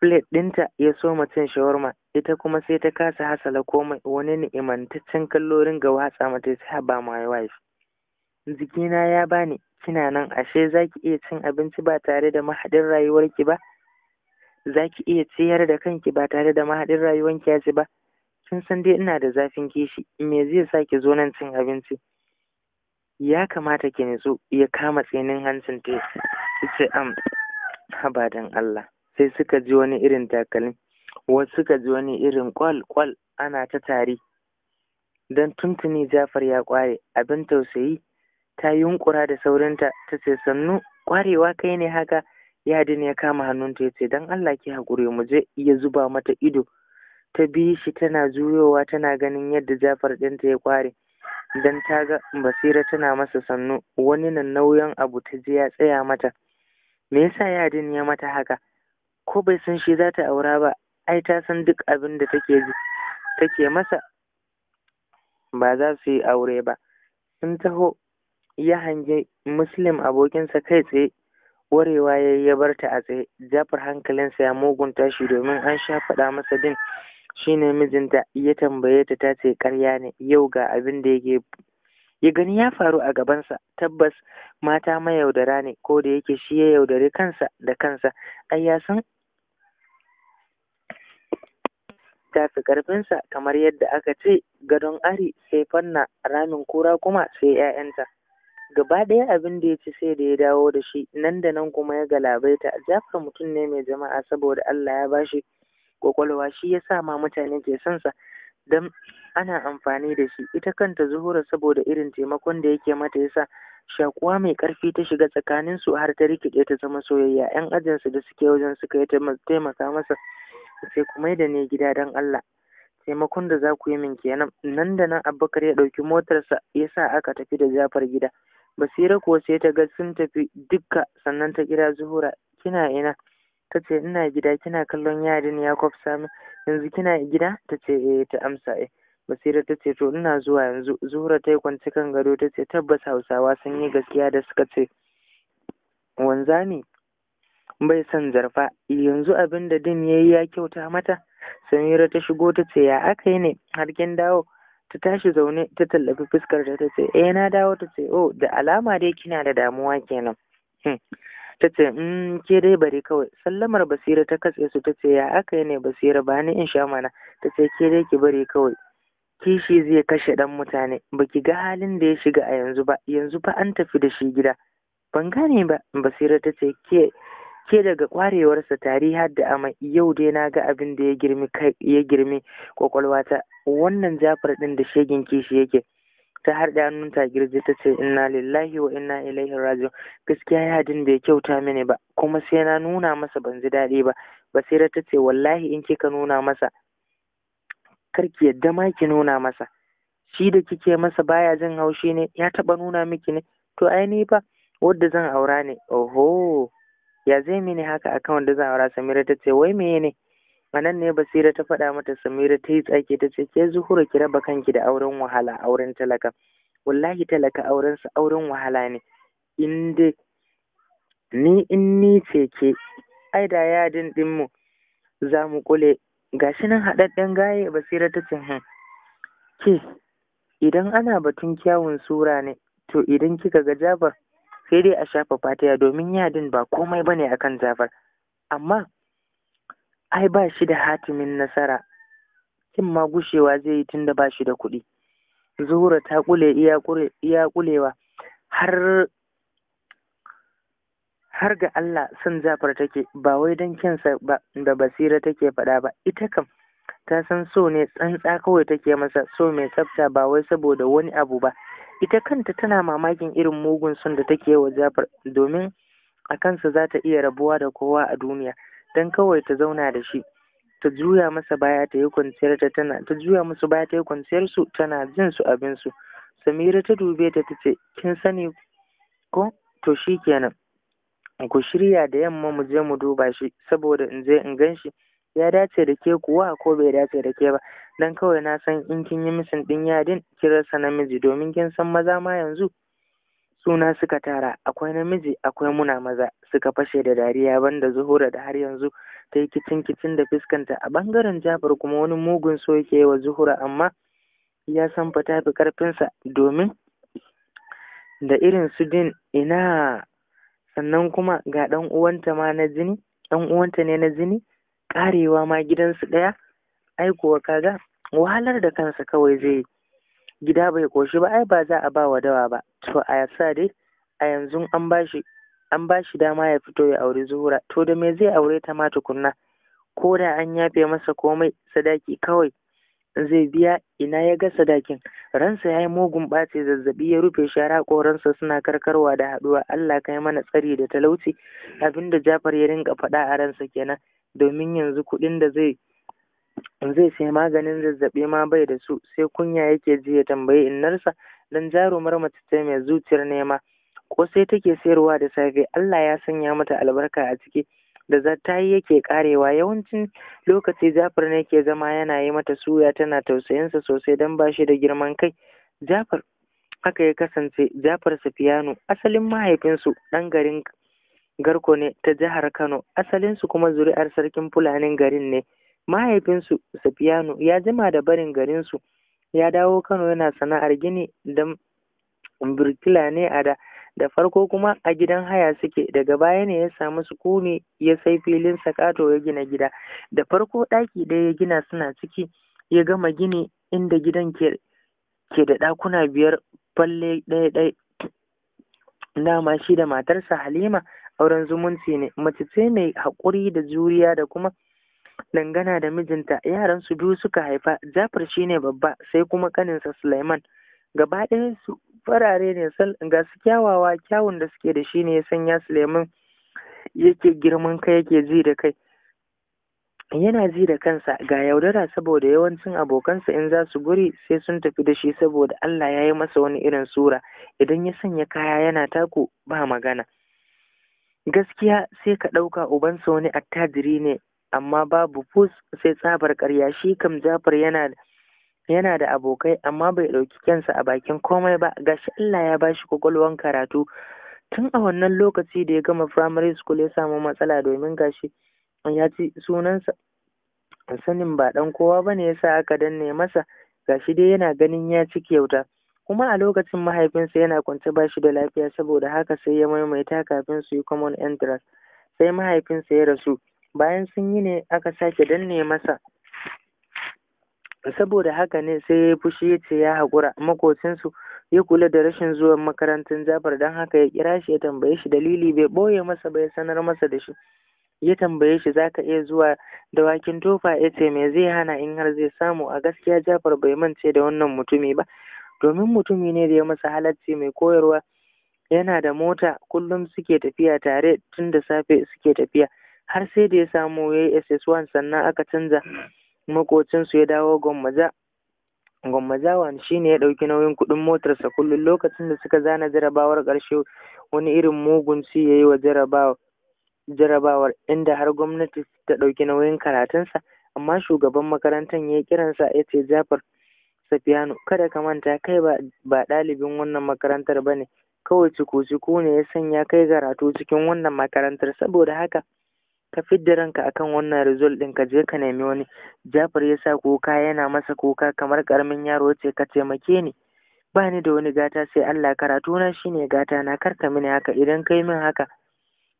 plate ɗinta ya soma cin shawarma ita kuma sai ta kasa hasala komai wani ni'imantaccen kallo ringa watsa mata sai ba my wife jikina ya bani kina nan ashe zaki iya cin abinci ba tare da mahaɗin rayuwarki ba zaki iya ciyar da kanki ba tare da mahaɗin rayuwar ya ci ba kin san dai ina da zafin kishi me zai sa ki zo nan cin abinci ya kamata ki nutsu ya kama tsinin hancin ta ce am haba Allah sai suka ji wani irin takalmi wasu suka ji wani irin kwal-kwal ana ta tari don tuntuni jafar ya kware abin tausayi ta yunkura da saurinta ta ce sannu kwarewa kai ne haka yadin ya kama hannunta ya ce don allah ki haƙuri mu je ya zuba mata ido ta bi shi tana juyowa tana ganin yadda jafar ɗinta ya kware don ta ga basira tana masa sannu wani nan nauyin abu ta je ya tsaya mata me yasa yadin ya mata haka ko bai san shi za ta aura ba ai ta san duk abin da take take masa ba za su yi aure ba sun taho ya hange muslim abokinsa kai tsaye warewa ya yi ya bar ta a tsaye jafar hankalinsa ya mugunta shi domin an sha faɗa masa din shine mijinta ya tambaye ta ta ce karya ne yau ga abin da yake ya gani ya faru a gabansa tabbas mata mayaudara ne ko da yake shi ya yaudari kansa da kansa ai ya san ta garbinsa ƙarfinsa kamar yadda aka ce gadon ari sai fanna ramin kura kuma sai 'ya'yanta gaba ɗaya abin da ya ci sai da ya dawo da shi nan da nan kuma ya galabaita jafar mutum ne mai jama'a saboda allah ya bashi kwakwalwa shi ya sa ma mutane ke son sa don ana amfani da shi ita kanta zuhura saboda irin taimakon da yake mata yasa shakuwa mai karfi ta shiga tsakaninsu har ta rikide ta zama soyayya yan ajinsu da suke wajen suka yi taimaka masa sai ku mai da ni gida don Allah taimakon da za ku yi min kenan nan da nan abubakar ya ɗauki motarsa ya sa aka tafi da jafar gida basira kuwa sai ta ga sun tafi dukka sannan ta kira zuhura kina ina ta ce ina gida kina kallon yarin yakob sami yanzu kina gida ta ce eh ta amsa eh basira ta ce to ina zuwa yanzu zuhura ta yi kwanci kan gado ta ce tabbas hausawa sun yi gaskiya da suka ce wanzami bai son zarfa yanzu abin da din ya yi ya kyauta mata samira ta shigo ta ce ya aka yi ne har kin dawo ta tashi zaune ta tallafi fuskar ta ce eh na dawo ta ce oh da alama dai kina da damuwa kenan hmm. ta ce mm ke dai bari kawai sallamar basira ta katse su ta ce ya aka yi ne basira ba ni in sha mana ta ce ke dai ki bari kawai kishi zai kashe dan mutane baki ga halin da ya shiga a yanzu ba yanzu fa an tafi da shi gida ban gane ba basira ta ce ke ke daga kwarewarsa tari har da amai yau dai na ga abin da ya girmi ya girmi kwakwalwata wannan jafar din da shegin kishi yake ta har da ta girje ta ce inna lillahi wa inna ilaihi raji'un gaskiya din bai kyauta mini ba kuma sai na nuna masa ban ji daɗi ba basira ta ce wallahi in kika nuna masa karki yadda ma ki nuna masa shi da kike masa baya jin haushi ne ya taba nuna miki ne to ai ni fa wadda zan aura ne oho ya zai mini haka akan wanda zan aura samira ta ce wai meye ne a nan ne basira ta faɗa mata samira ta yi tsaki ta ce ke zuhura ki raba kanki da auren wahala auren talaka wallahi talaka auren su auren wahala ne in dai ni in ni ce ke ai da yadin mu, za mu kule gashi nan haɗaɗɗen gaye basira ta ce hin hmm, ke idan ana batun kyawun sura ne to idan kika ga jabar sai dai a shafa fatiya domin yadin ba komai bane akan zafar. amma ai ba shi da hatimin nasara kin ma gushewa zai yi tunda ba shi da kuɗi Zuhura ta kule iya kulewa har ga Allah son zafar take ba wai don kyansa ba da basira take faɗa ba ita kam ta san so ne tsantsa kawai take masa so mai tsafta ba wai saboda wani abu ba ita kanta tana mamakin irin mugun son da take wa Jafar domin a kansa za ta iya rabuwa da kowa a duniya don kawai ta zauna da shi ta juya masa baya ta yi kwanciyar ta tana ta juya musu baya ta yi kwanciyar su tana jin su abin su Samira ta dube ta tace kin sani ko to shikenan ku shirya da yamma mu je mu duba shi saboda in je in ganshi. ya dace da ke kuwa ko bai dace da ke ba dan kawai na san in kin yi misin din yadin kin rasa namiji domin kin san maza ma yanzu suna suka tara akwai namiji akwai muna maza suka fashe da dariya banda zuhura da har yanzu ta yi kicin kicin da fuskanta a bangaren jafar kuma wani mugun so yake wa zuhura amma ya san fa ta fi karfinsa domin da irin su din ina sannan kuma ga ɗan uwanta ma na jini ɗan uwanta ne na jini karewa ma gidansu ɗaya ai kaga wahalar da kansa kawai zai yi gida bai koshi ba ai ba za a ba wa dawa ba to a yasa dai a yanzu an bashi an bashi dama ya fito ya auri zuhura to da me zai aure ta ma tukunna ko da an yafe masa komai sadaki kawai zai biya ina ya ga sadakin ransa ya yi mugun ɓace zazzabi ya rufe shara ƙoransa suna karkarwa da haɗuwa allah kai mana tsari da talauci abinda jafar ya rinka faɗa a ransa kenan domin yanzu kuɗin da zai zai sai maganin zazzaɓi ma bai da su sai kunya yake ji ya tambayi innarsa don jarumar mace ce mai zuciyar nema ko sai take sayarwa da safe Allah ya sanya mata albarka a ciki da za ta yi yake karewa yawancin lokaci Jafar ne ke zama yana yi mata suya tana tausayinsa sosai don ba shi da girman kai Jafar haka ya kasance Jafar Sufiyanu asalin mahaifinsu ɗan garin Garko ne ta jihar Kano, asalinsu kuma zuri'ar sarkin Fulanin garin ne. Mahaifinsu Sufiyanu ya jima da barin garinsu, ya dawo Kano yana sana'ar gini da birkila ne a da. Da farko kuma a gidan haya suke, daga baya ne ya samu sukuni ya sai filin sakato ya gina gida. Da farko ɗaki ɗaya ya gina suna ciki, ya gama gini inda gidan ke da ɗakuna biyar falle ɗaya ɗaya. shi da matarsa Halima auren zumunci ne mace ce mai haƙuri da juriya da kuma dangana da mijinta yaran su biyu suka haifa jafar shine babba sai kuma kaninsa suleiman gaba ɗayan su farare ne ga su kyawawa kyawun da suke da shi ne ya sanya suleiman yake girman kai yake ji da kai yana ji da kansa ga yaudara saboda yawancin abokansa in za su guri sai sun tafi da shi saboda Allah ya yi masa wani irin sura idan ya sanya kaya yana taku ba magana gaskiya sai ka ɗauka ubansa wani attajiri ne amma babu fus sai tsabar karya. shi kam jafar yana yana da abokai amma bai ɗauki kyansa a bakin komai ba gashi Allah ya bashi kwakwalwan karatu tun a wannan lokaci da ya gama primary school ya samu matsala domin gashi ya ci sunansa sanin ba ɗan kowa ba ne yasa aka danne masa gashi dai yana ganin ya ci kyauta kuma a lokacin mahaifinsa yana kwance ba shi da lafiya saboda haka sai ya maimaita kafin su yi common entrance sai mahaifinsa ya rasu bayan sun yi ne aka sake danne masa saboda haka ne sai ya yi fushi ya ce ya haƙura makocinsu ya kula da rashin zuwan makarantun jafar don haka ya kira shi ya tambaye shi dalili bai ɓoye masa bai sanar masa da shi ya tambaye shi za ka iya zuwa da wakin tofa ya ce me zai hana in har zai samu a gaskiya jafar bai mance da wannan mutumi ba domin mutumi ne da ya masa halacci mai koyarwa yana da mota kullum suke tafiya tare tun da safe suke tafiya har sai da ya samu ya yi ss1 sannan aka canza makocinsu ya dawo gwammaza gwammajawan shi ne ya ɗauki nauyin kuɗin motarsa kullum lokacin da suka zana jarabawar ƙarshe wani irin mugun ci ya yi wa jarabawar inda har gwamnati ta ɗauki nauyin karatunsa amma shugaban makarantar ya yi kiransa ya ce jafar Safiyanu, kada ka manta kai ba ɗalibin wannan makarantar ba ne, kawai cuku ne ya sanya kai karatu cikin wannan makarantar, saboda haka ka fidda ranka akan wannan result ɗin ka je ka nemi wani. Jafar ya sa kuka yana masa kuka kamar ƙaramin yaro ce ka taimake ni. Ba ni da wani gata sai Allah karatuna shi ne gata na kar ka mini haka idan kai min haka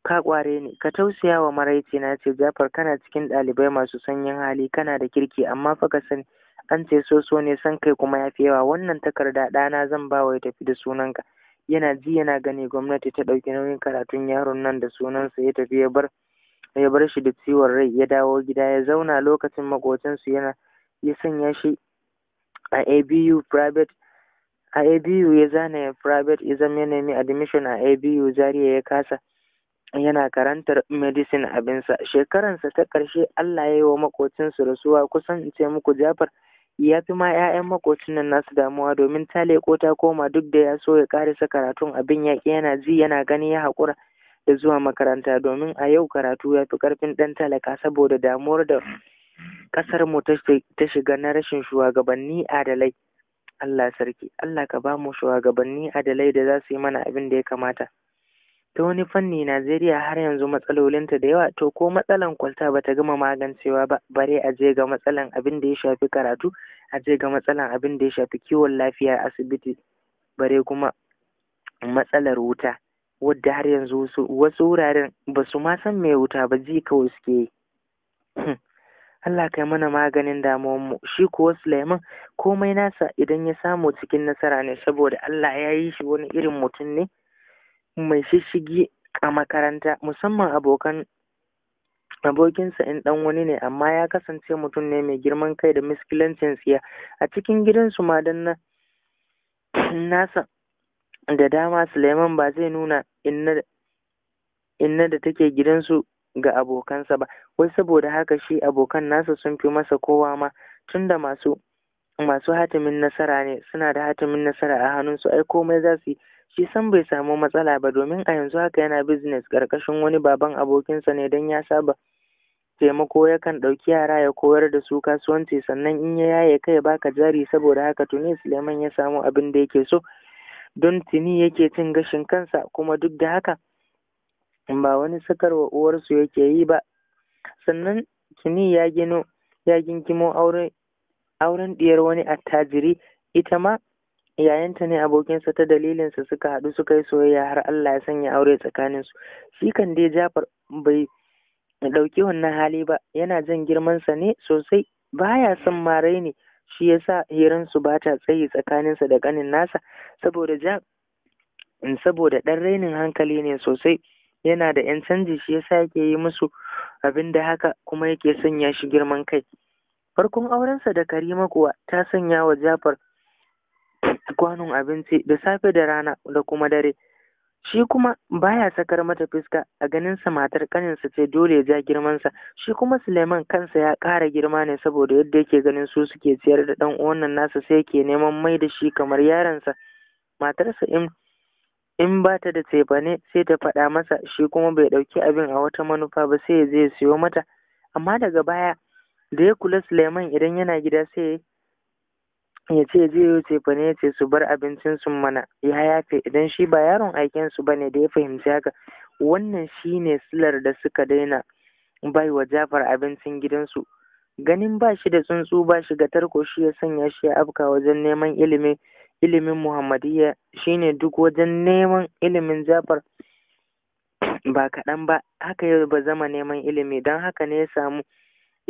ka ƙware ni ka tausaya wa maraici na ce Jafar kana cikin ɗalibai masu sanyin hali kana da kirki amma fa ka sani an ce so so ne san kai kuma ya fi yawa wannan takarda ɗana zan ba wa ya tafi da sunanka yana ji yana gani gwamnati ta ɗauki nauyin karatun yaron nan da sunansa ya tafi ya bar ya bar shi da ciwon rai ya dawo gida ya zauna lokacin makocinsu yana ya sanya shi a abu private a abu ya zana ya private exam ya nemi admission a abu zaria ya kasa yana karantar medicine abinsa shekaransa ta ƙarshe allah ya yi wa makocinsu rasuwa kusan in ce muku jafar ya fi ma 'ya'yan makocin nan nasu damuwa domin ta leko ta koma duk da ya so ya karisa karatun abin yaƙi yana ji yana gani ya haƙura da zuwa makaranta domin a yau karatu ya fi ƙarfin ɗan talaka saboda damuwar da ƙasar mu ta shiga na rashin shugabanni adalai Allah sarki Allah ka ba mu shugabanni adalai da za su yi mana abin da ya kamata ta wani fanni Najeriya har yanzu matsalolinta da yawa to ko matsalan kwalta ba ta gama magancewa ba bare a je ga matsalan abin da ya shafi karatu a je ga matsalan abin da ya shafi kiwon lafiya asibiti bare kuma matsalar wuta wadda har yanzu wasu wuraren ba su ma san mai wuta ba ji kawai suke yi Allah kai mana maganin mu, shi kuwa Sulaiman komai nasa idan ya samu cikin nasara ne saboda Allah ya yi shi wani irin mutum ne mai shishigi a makaranta musamman abokan abokinsa in ɗan wani ne amma ya kasance mutum ne mai girman kai da miskilancin tsiya a cikin gidansu ma don na nasa da dama Suleiman ba zai nuna inna inna da take gidansu ga abokansa ba wai saboda haka shi abokan nasa sun fi masa kowa ma tunda masu masu hatimin nasara ne suna da hatimin nasara a hannunsu ai komai za su yi shi san bai samu matsala ba domin a yanzu haka yana business karkashin wani baban abokinsa ne don ya saba taimako yakan ɗauki yara ya koyar da su kasuwanci sannan in ya yaye kai baka jari saboda haka tuni suleiman ya samu abin da yake so don tuni yake cin gashin kansa kuma duk da haka ba wani sakarwa uwarsu yake yi ba sannan tuni ya gino ya gingimo aure auren ɗiyar wani attajiri ita ma yayanta ne abokinsa ta dalilinsa suka haɗu suka yi soyayya har Allah ya sanya aure tsakaninsu shi kan dai Jafar bai ɗauki wannan hali ba yana jan girmansa ne sosai baya son marai ne shi yasa su ba ta tsayi tsakaninsa da ƙanin nasa saboda ja saboda ɗan rainin hankali ne sosai yana da 'yan canji shi yasa yake yi musu abin da haka kuma yake sanya shi girman kai farkon aurensa da karima kuwa ta sanya wa jafar kwanon abinci da safe da rana da kuma dare shi kuma baya sakar mata fuska a ganinsa matar kaninsa ce dole ya ja girmansa shi kuma suleiman kansa ya ƙara girma ne saboda yadda yake ganin su suke ciyar da ɗan uwannan nasa sai yake neman mai da shi kamar yaransa matarsa in in ba ta da cefane sai ta faɗa masa shi kuma bai ɗauki abin a wata manufa ba sai ya je siyo mata amma daga baya da ya kula Suleiman idan yana gida sai ya ce zai yi cefa ne ya ce su bar abincin su mana ya yafe idan shi ba yaron aiken su bane da ya fahimci haka wannan shine silar da suka daina bai wa Jafar abincin gidansu ganin ba shi da tsuntsu ba shi ga tarko shi ya sanya shi ya afka wajen neman ilimin ilimin Muhammadiyya shine duk wajen neman ilimin Jafar ba kaɗan ba haka ya ba zama neman ilimi don haka ne ya samu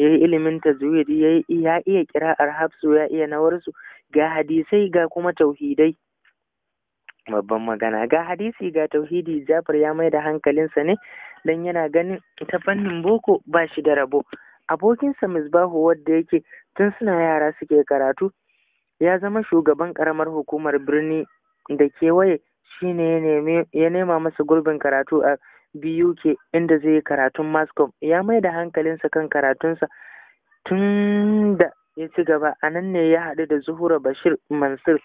ya yi ilimin tajwidi ya iya kira'ar hafsu ya iya nawar su ga hadisai ga kuma tauhidai babban magana ga hadisi ga tauhidi jafar ya mai da hankalinsa ne dan yana ganin ta fannin boko ba shi da rabo abokinsa misbahu wadda yake tun suna yara suke karatu ya zama shugaban karamar hukumar birni da kewaye shine ya nema masa gurbin karatu a BUK inda zai yi karatun Mascom ya mai da hankalinsa kan karatunsa tun da ya ci gaba a nan ne ya haɗu da Zuhura Bashir Mansur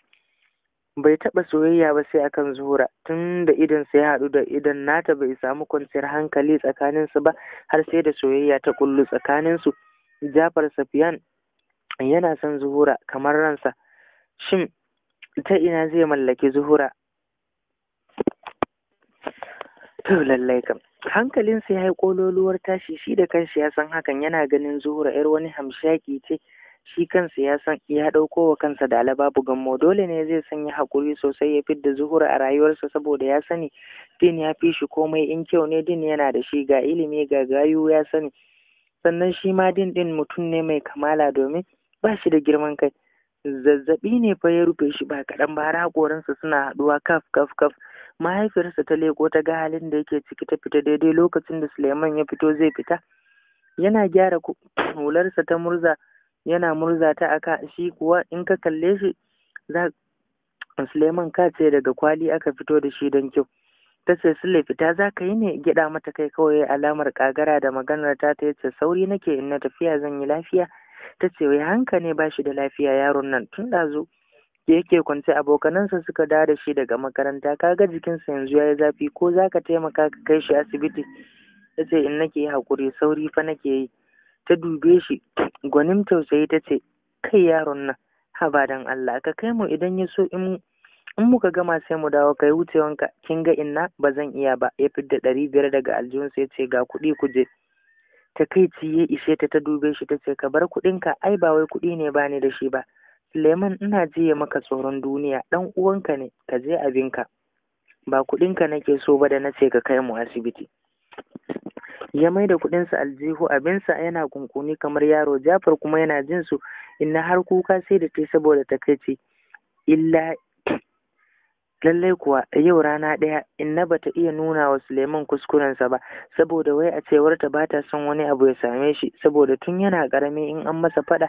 bai taɓa soyayya ba sai akan Zuhura tun da idansa ya haɗu da idan nata bai samu kwanciyar hankali tsakaninsu ba har sai da soyayya ta kullu tsakaninsu Jafar Safiyan yana son Zuhura kamar ransa shin ta ina zai mallaki Zuhura To lallai kam. Hankalinsa ya yi ƙololuwar tashi shi da kanshi ya san hakan yana ganin zuhura ‘yar wani hamshaki ce shi kansa ya san ya ɗauko wa kansa da babu gammo dole ne zai sanya hakuri sosai ya fidda zuhura a rayuwarsa saboda ya sani din ya fi shi komai in kyau ne din yana da shi ga ilimi ga gayu ya sani sannan shi ma din din mutum ne mai kamala domin ba shi da girman kai zazzabi ne fa ya rufe shi ba kaɗan ba har haƙorinsa suna haɗuwa kaf kaf kaf mahaifiyarsa ta leko ta ga halin da yake ciki ta fita daidai lokacin da suleiman ya fito zai fita yana gyara hularsa ta murza yana murza ta aka shi kuwa in ka kalle shi za suleiman ka ce daga kwali aka fito da shi don kyau ta ce sule fita za ka yi ne gida mata kai kawai alamar kagara da maganar ta ta yace sauri nake in na tafiya zan yi lafiya ta ce wai hanka ne ba shi da lafiya yaron nan tun ɗazu da yake kwance abokanansa suka dawo da shi daga makaranta kaga jikinsa yanzu ya yi zafi ko za ka taimaka ka kai shi asibiti Ta ce in nake haƙuri, sauri fa nake yi ta dube shi gwanin tausayi ta ce kai yaron nan haba dan Allah ka kai mu idan ya so in in muka gama sai mu dawo kai wucewanka kin ga inna ba zan iya ba ya fidda ɗari biyar daga aljihunsa ya ce ga kuɗi ku je kai ya ishe ta ta dube shi ta ce ka bar kuɗinka ai ba wai kuɗi ne bani da shi ba Suleiman ina jiye maka tsoron duniya ɗan uwanka ne ka je abinka ba kuɗinka nake so ba da na ce ka kai mu asibiti ya mai da kuɗinsa aljihu abinsa yana kunkuni kamar yaro jafar kuma yana jin su inna har kuka sai da ke saboda takaici illa lallai kuwa yau rana ɗaya inna bata iya nuna wa suleiman kuskurensa ba saboda wai a cewarta ba ta son wani abu ya same shi saboda tun yana ƙarami in an masa faɗa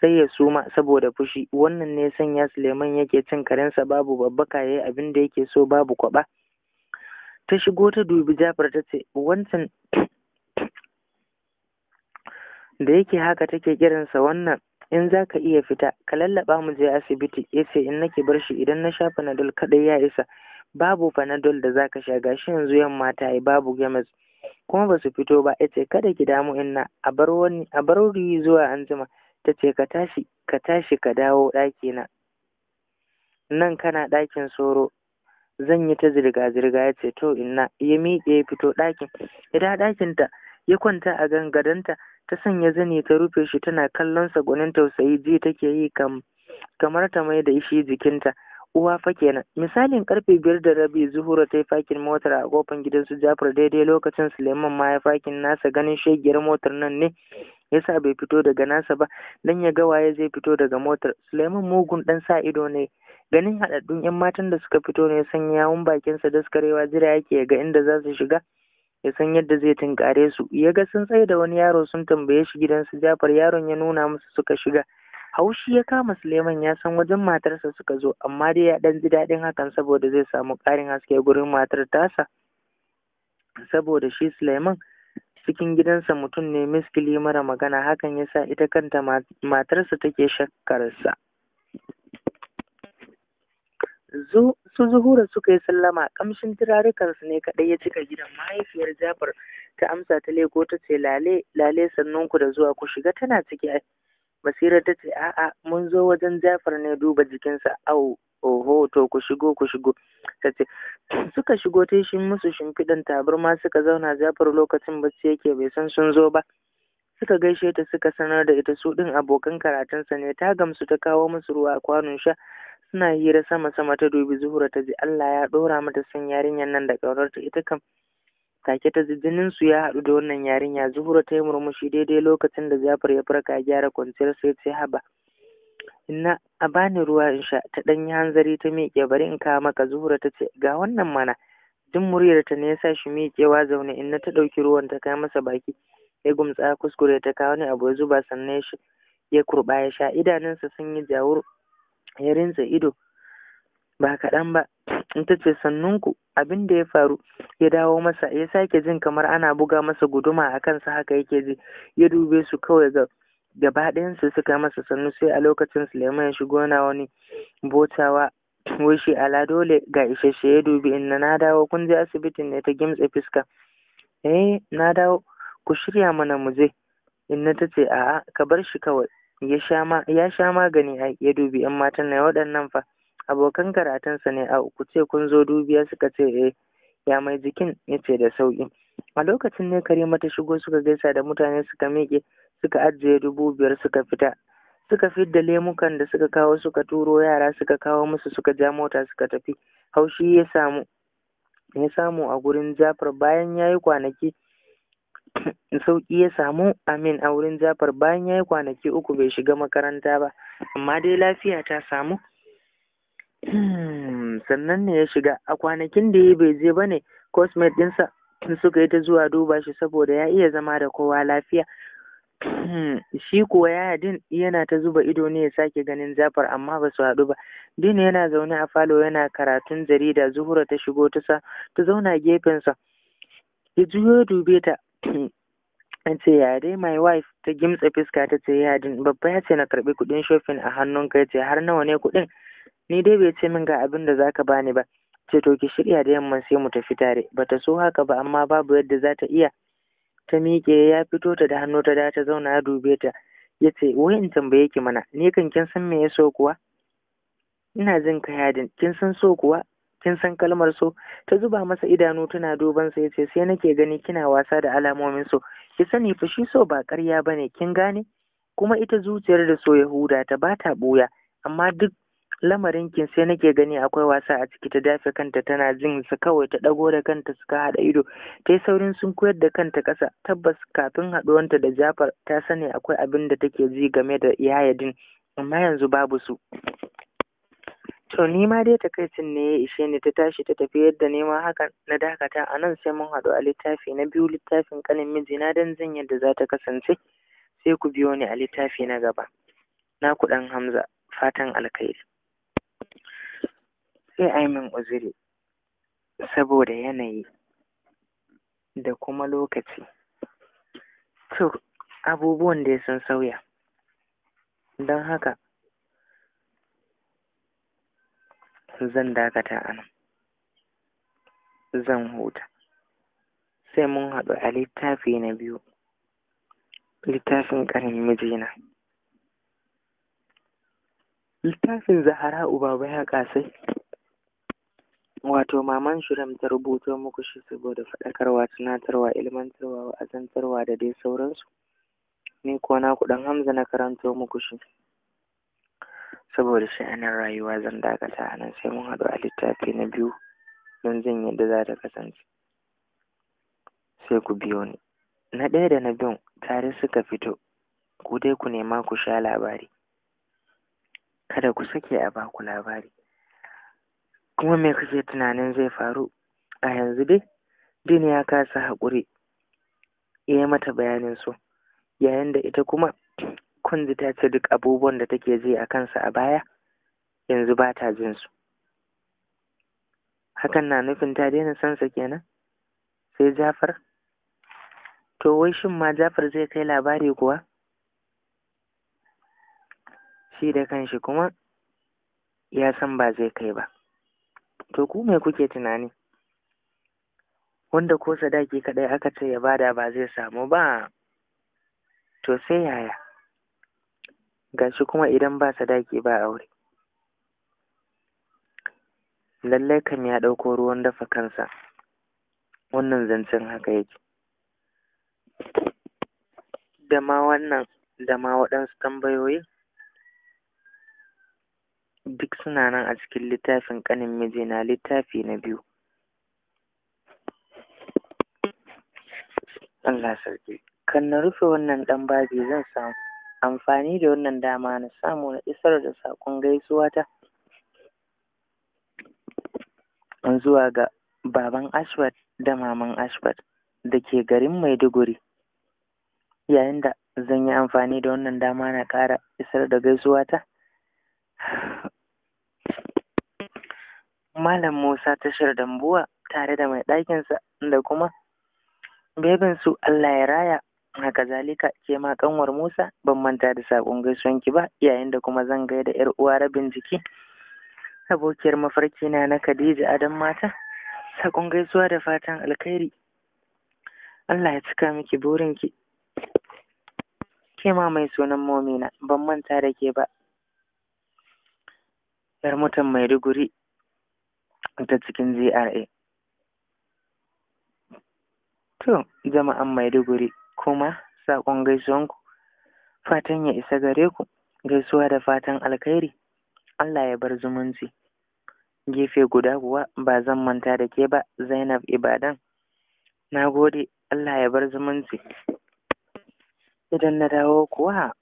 sai ya suma saboda fushi wannan ne sanya Suleiman yake cin karensa babu babbaka yayi abin da yake so babu kwaba ta shigo ta dubi Jafar ta ce wancan da yake haka take kiransa wannan in za ka iya fita ka lallaba mu je asibiti ya ce in nake bar shi idan na sha fanadol kadai ya isa babu fanadol da zaka sha gashi yanzu yamma ta yi babu games kuma ba su fito ba ya ce kada ki damu inna a bar wuri zuwa anjima ta ce ka tashi ka tashi ka dawo ɗakina nan kana ɗakin soro zan yi ta zirga-zirga ya ce to inna ya miƙe ya fito ɗakin ya ɗakin ɗakinta ya kwanta a gangadanta ta sanya zani ta rufe shi tana kallon sa gwanin tausayi ji take yi kam kamar ta mai da ishi jikinta uwa fa kenan misalin karfe biyar da rabi zuhura ta yi fakin motar a kofar gidansu jafar daidai lokacin suleiman ma ya fakin nasa ganin shegiyar motar nan ne yasa bai fito daga nasa ba dan ya ga waye zai fito daga motar suleiman mugun dan sa ido ne ganin haɗaɗɗun yan matan da suka fito ne sanya yawun sa daskarewa jira yake ga inda za su shiga ya san yadda zai tunkare su ya ga sun tsaye da wani yaro sun tambaye shi gidansu jafar yaron ya nuna musu suka shiga haushi ya kama suleiman ya san wajen matarsa suka zo amma dai ya ɗan ji daɗin hakan saboda zai samu ƙarin haske gurin matar tasa saboda shi suleiman cikin gidansa mutum ne miskili mara magana hakan ya sa ita kanta matarsa take shakkarsa su zuhura suka yi sallama kamshin turarukansu ne kaɗai ya cika gidan mahaifiyar jafar ta amsa ta leko ta ce lale lale sannan ku da zuwa ku shiga tana ciki Basira ta ce, A'a, mun zo wajen Jafar ne duba jikinsa, au, oho, to ku shigo, ku shigo. Ta ce, suka shigo ta shi musu shimfiɗan tabarma suka zauna Jafar lokacin bacci yake bai san sun zo ba. Suka gaishe ta suka sanar da ita su ɗin abokan karatunsa ne, ta gamsu ta kawo musu ruwa a kwanon sha. Suna hira sama-sama ta dubi Zuhura ta ji Allah ya ɗora mata son yarinyar nan da ƙaurarta ita kam. take ta jinin su ya haɗu da wannan yarinya zuhura ta yi murmushi daidai lokacin da zafar ya farka gyara kwanciyar sai ce haba na a bani ruwa in sha ta ɗan yi hanzari ta miƙe bari in kawo maka zuhura ta ce ga wannan mana jin muryar ta ne ya sa shi miƙewa zaune in na ta ɗauki ruwan ta kai masa baki ya gumtsa kuskure ta kawo ni abu ya zuba sannan ya kurɓa ya sha idanunsa sun yi jawur ya rinsa ido ba kaɗan ba In ta ce sannunku abin da ya faru ya dawo masa ya sake jin kamar ana buga masa guduma a kansa haka yake ji ya dube su kawai ga gaba su suka masa sannu sai a lokacin suleiman ya shigo na wani botawa wai shi ala dole ga isasshe ya dubi inna na dawo kun je asibitin ne ta gimtse fiska eh na dawo ku shirya mana mu je inna ta ce a'a ka bar shi kawai ya sha magani ya sha magani ya dubi yan matan na waɗannan fa abokan karatunsa ne a uku ce kun zo dubiya suka ce eh ya mai jikin ya ce da sauƙi a lokacin ne kare mata shigo suka gaisa da mutane suka miƙe suka ajiye dubu biyar suka fita suka fidda lemukan da suka kawo suka turo yara suka kawo musu suka ja mota suka tafi haushi ya samu ya samu a gurin jafar bayan ya yi kwanaki sauƙi ya samu amin a wurin jafar bayan ya yi kwanaki uku bai shiga makaranta ba amma dai lafiya ta samu sannan ne ya shiga a kwanakin da ya bai je ba ne cosmate ɗinsa suka yi ta zuwa duba shi saboda ya iya zama da kowa lafiya shi kuwa yaya din yana ta zuba ido ne ya sake ganin zafar amma ba su haɗu ba din yana zaune a falo yana karatun jarida zuhura ta shigo ta sa ta zauna gefensa ya juyo dube ta ce ya dai my wife ta gimtsa fiska ta ce ya din babba ya ce na karɓi kuɗin shofin a hannun ka ya ce har nawa ne kuɗin ni dai bai ce min ga abin da zaka bani ba ce to ki shirya da yamma sai mu tafi tare bata so haka ba amma babu yadda za ta iya ta miƙe ya fito ta da hannu ta da ta zauna ya dube ta ya ce wai in tambaye ki mana ni kan kin san me ya so kuwa ina jin ka yadin kin san so kuwa kin san kalmar so ta zuba masa idanu tana duban sa yace sai nake gani kina wasa da alamomin so ki sani fa shi so ba ƙarya bane kin gane kuma ita zuciyar da so Yahuda ta ba ta buya amma duk lamarin kin sai nake gani akwai wasa a ciki ta dafe kanta tana jin sa kawai ta dago da kanta suka hada ido ta saurin sun koyar da kanta kasa tabbas kafin haduwanta da jafar ta sani akwai abin da take ji game da yayadin amma yanzu babu su to ni ma dai takaicin ne ya ishe ni ta tashi ta tafi yadda nema hakan na dakata a nan sai mun hadu a littafi na biyu littafin kanin miji na dan zan yadda za ta kasance sai ku biyo ni a littafi na gaba na kuɗan hamza fatan alkhairi sai a yi min uzuri saboda yanayi da kuma lokaci to abubuwan dai sun sauya don haka zan dakata a nan zan huta sai mun haɗu a littafi na biyu littafin ƙarin mijina littafin zahara'u baba ya ƙasai Wato Maman Shirem ta rubuto muku shi saboda faɗakarwa, tunatarwa, ilmantarwa, wa'azantarwa da dai sauransu. Ni kuwa naku ɗan Hamza na karanto muku shi. Saboda anan rayuwa zan dakata a nan sai mun haɗu a littafi na biyu don jin yadda za ta kasance. Sai ku biyo ni. Na ɗaya da na biyun tare suka fito, ku dai ku nema ku sha labari. Kada ku sake a baku labari. kuma me kake tunanin zai faru a yanzu dai din ya kasa haƙuri ya mata bayanin su yayin da ita kuma kunzi ta ce duk abubuwan da take ji a kansa a baya yanzu ba ta jin su hakan na nufin ta daina sansa kenan sai jafar to wai shin ma jafar zai kai labari kuwa shi da kanshi kuma ya san ba zai kai ba to ku me kuke tunani wanda ko sadaki kaɗai aka ce ya bada ba zai samu ba to sai yaya gashi kuma idan ba sadaki ba aure lallai kam ya ɗauko ruwan dafa kansa wannan zancen haka yake da ma wannan da ma waɗansu tambayoyin duk suna nan a cikin littafin ƙanin mijina littafi na biyu Allah sarki kan na rufe wannan ɗan babi zan samu amfani da wannan dama na samu na isar da saƙon gaisuwa ta zuwa ga baban Ashwat da maman Ashwat da ke garin Maiduguri yayin da zan yi amfani da wannan dama na ƙara isar da gaisuwa ta Malam Musa tashar Dambuwa tare da mai ɗakinsa da kuma su Allah ya raya haka zalika ke ma kanwar Musa ban manta da sakon gaisuwan ki ba yayin da kuma zan gaida ƴar uwa rabin jiki abokiyar mafarki na na Khadija Adam mata sakon gaisuwa da fatan alkhairi Allah ya cika miki burin ki ke mai sunan momina ban manta da ke ba yar mutan Maiduguri ta cikin GRA. To, jama'an Maiduguri kuma saƙon gaisuwanku, fatan ya isa gare ku, gaisuwa da fatan alkhairi, Allah ya bar zumunci. Gefe guda kuwa ba zan manta da ke ba Zainab Ibadan. Na gode, Allah ya bar zumunci. Idan na dawo kuwa,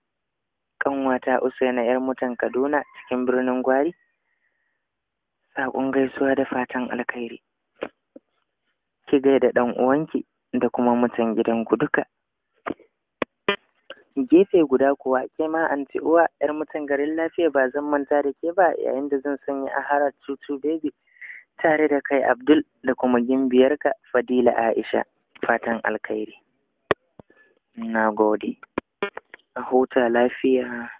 ƙanwata Usaina 'yar mutan Kaduna cikin birnin Gwari, saƙon gaisuwa da fatan alkhairi ki gaida ɗan uwanki da kuma mutan gidanku duka gefe guda kuwa ke ma anti uwa yar mutan garin lafiya ba zan manta da ke ba yayin da zan sanya aharar tutu baby tare da kai abdul da kuma gimbiyarka fadila aisha fatan alkhairi na gode a huta lafiya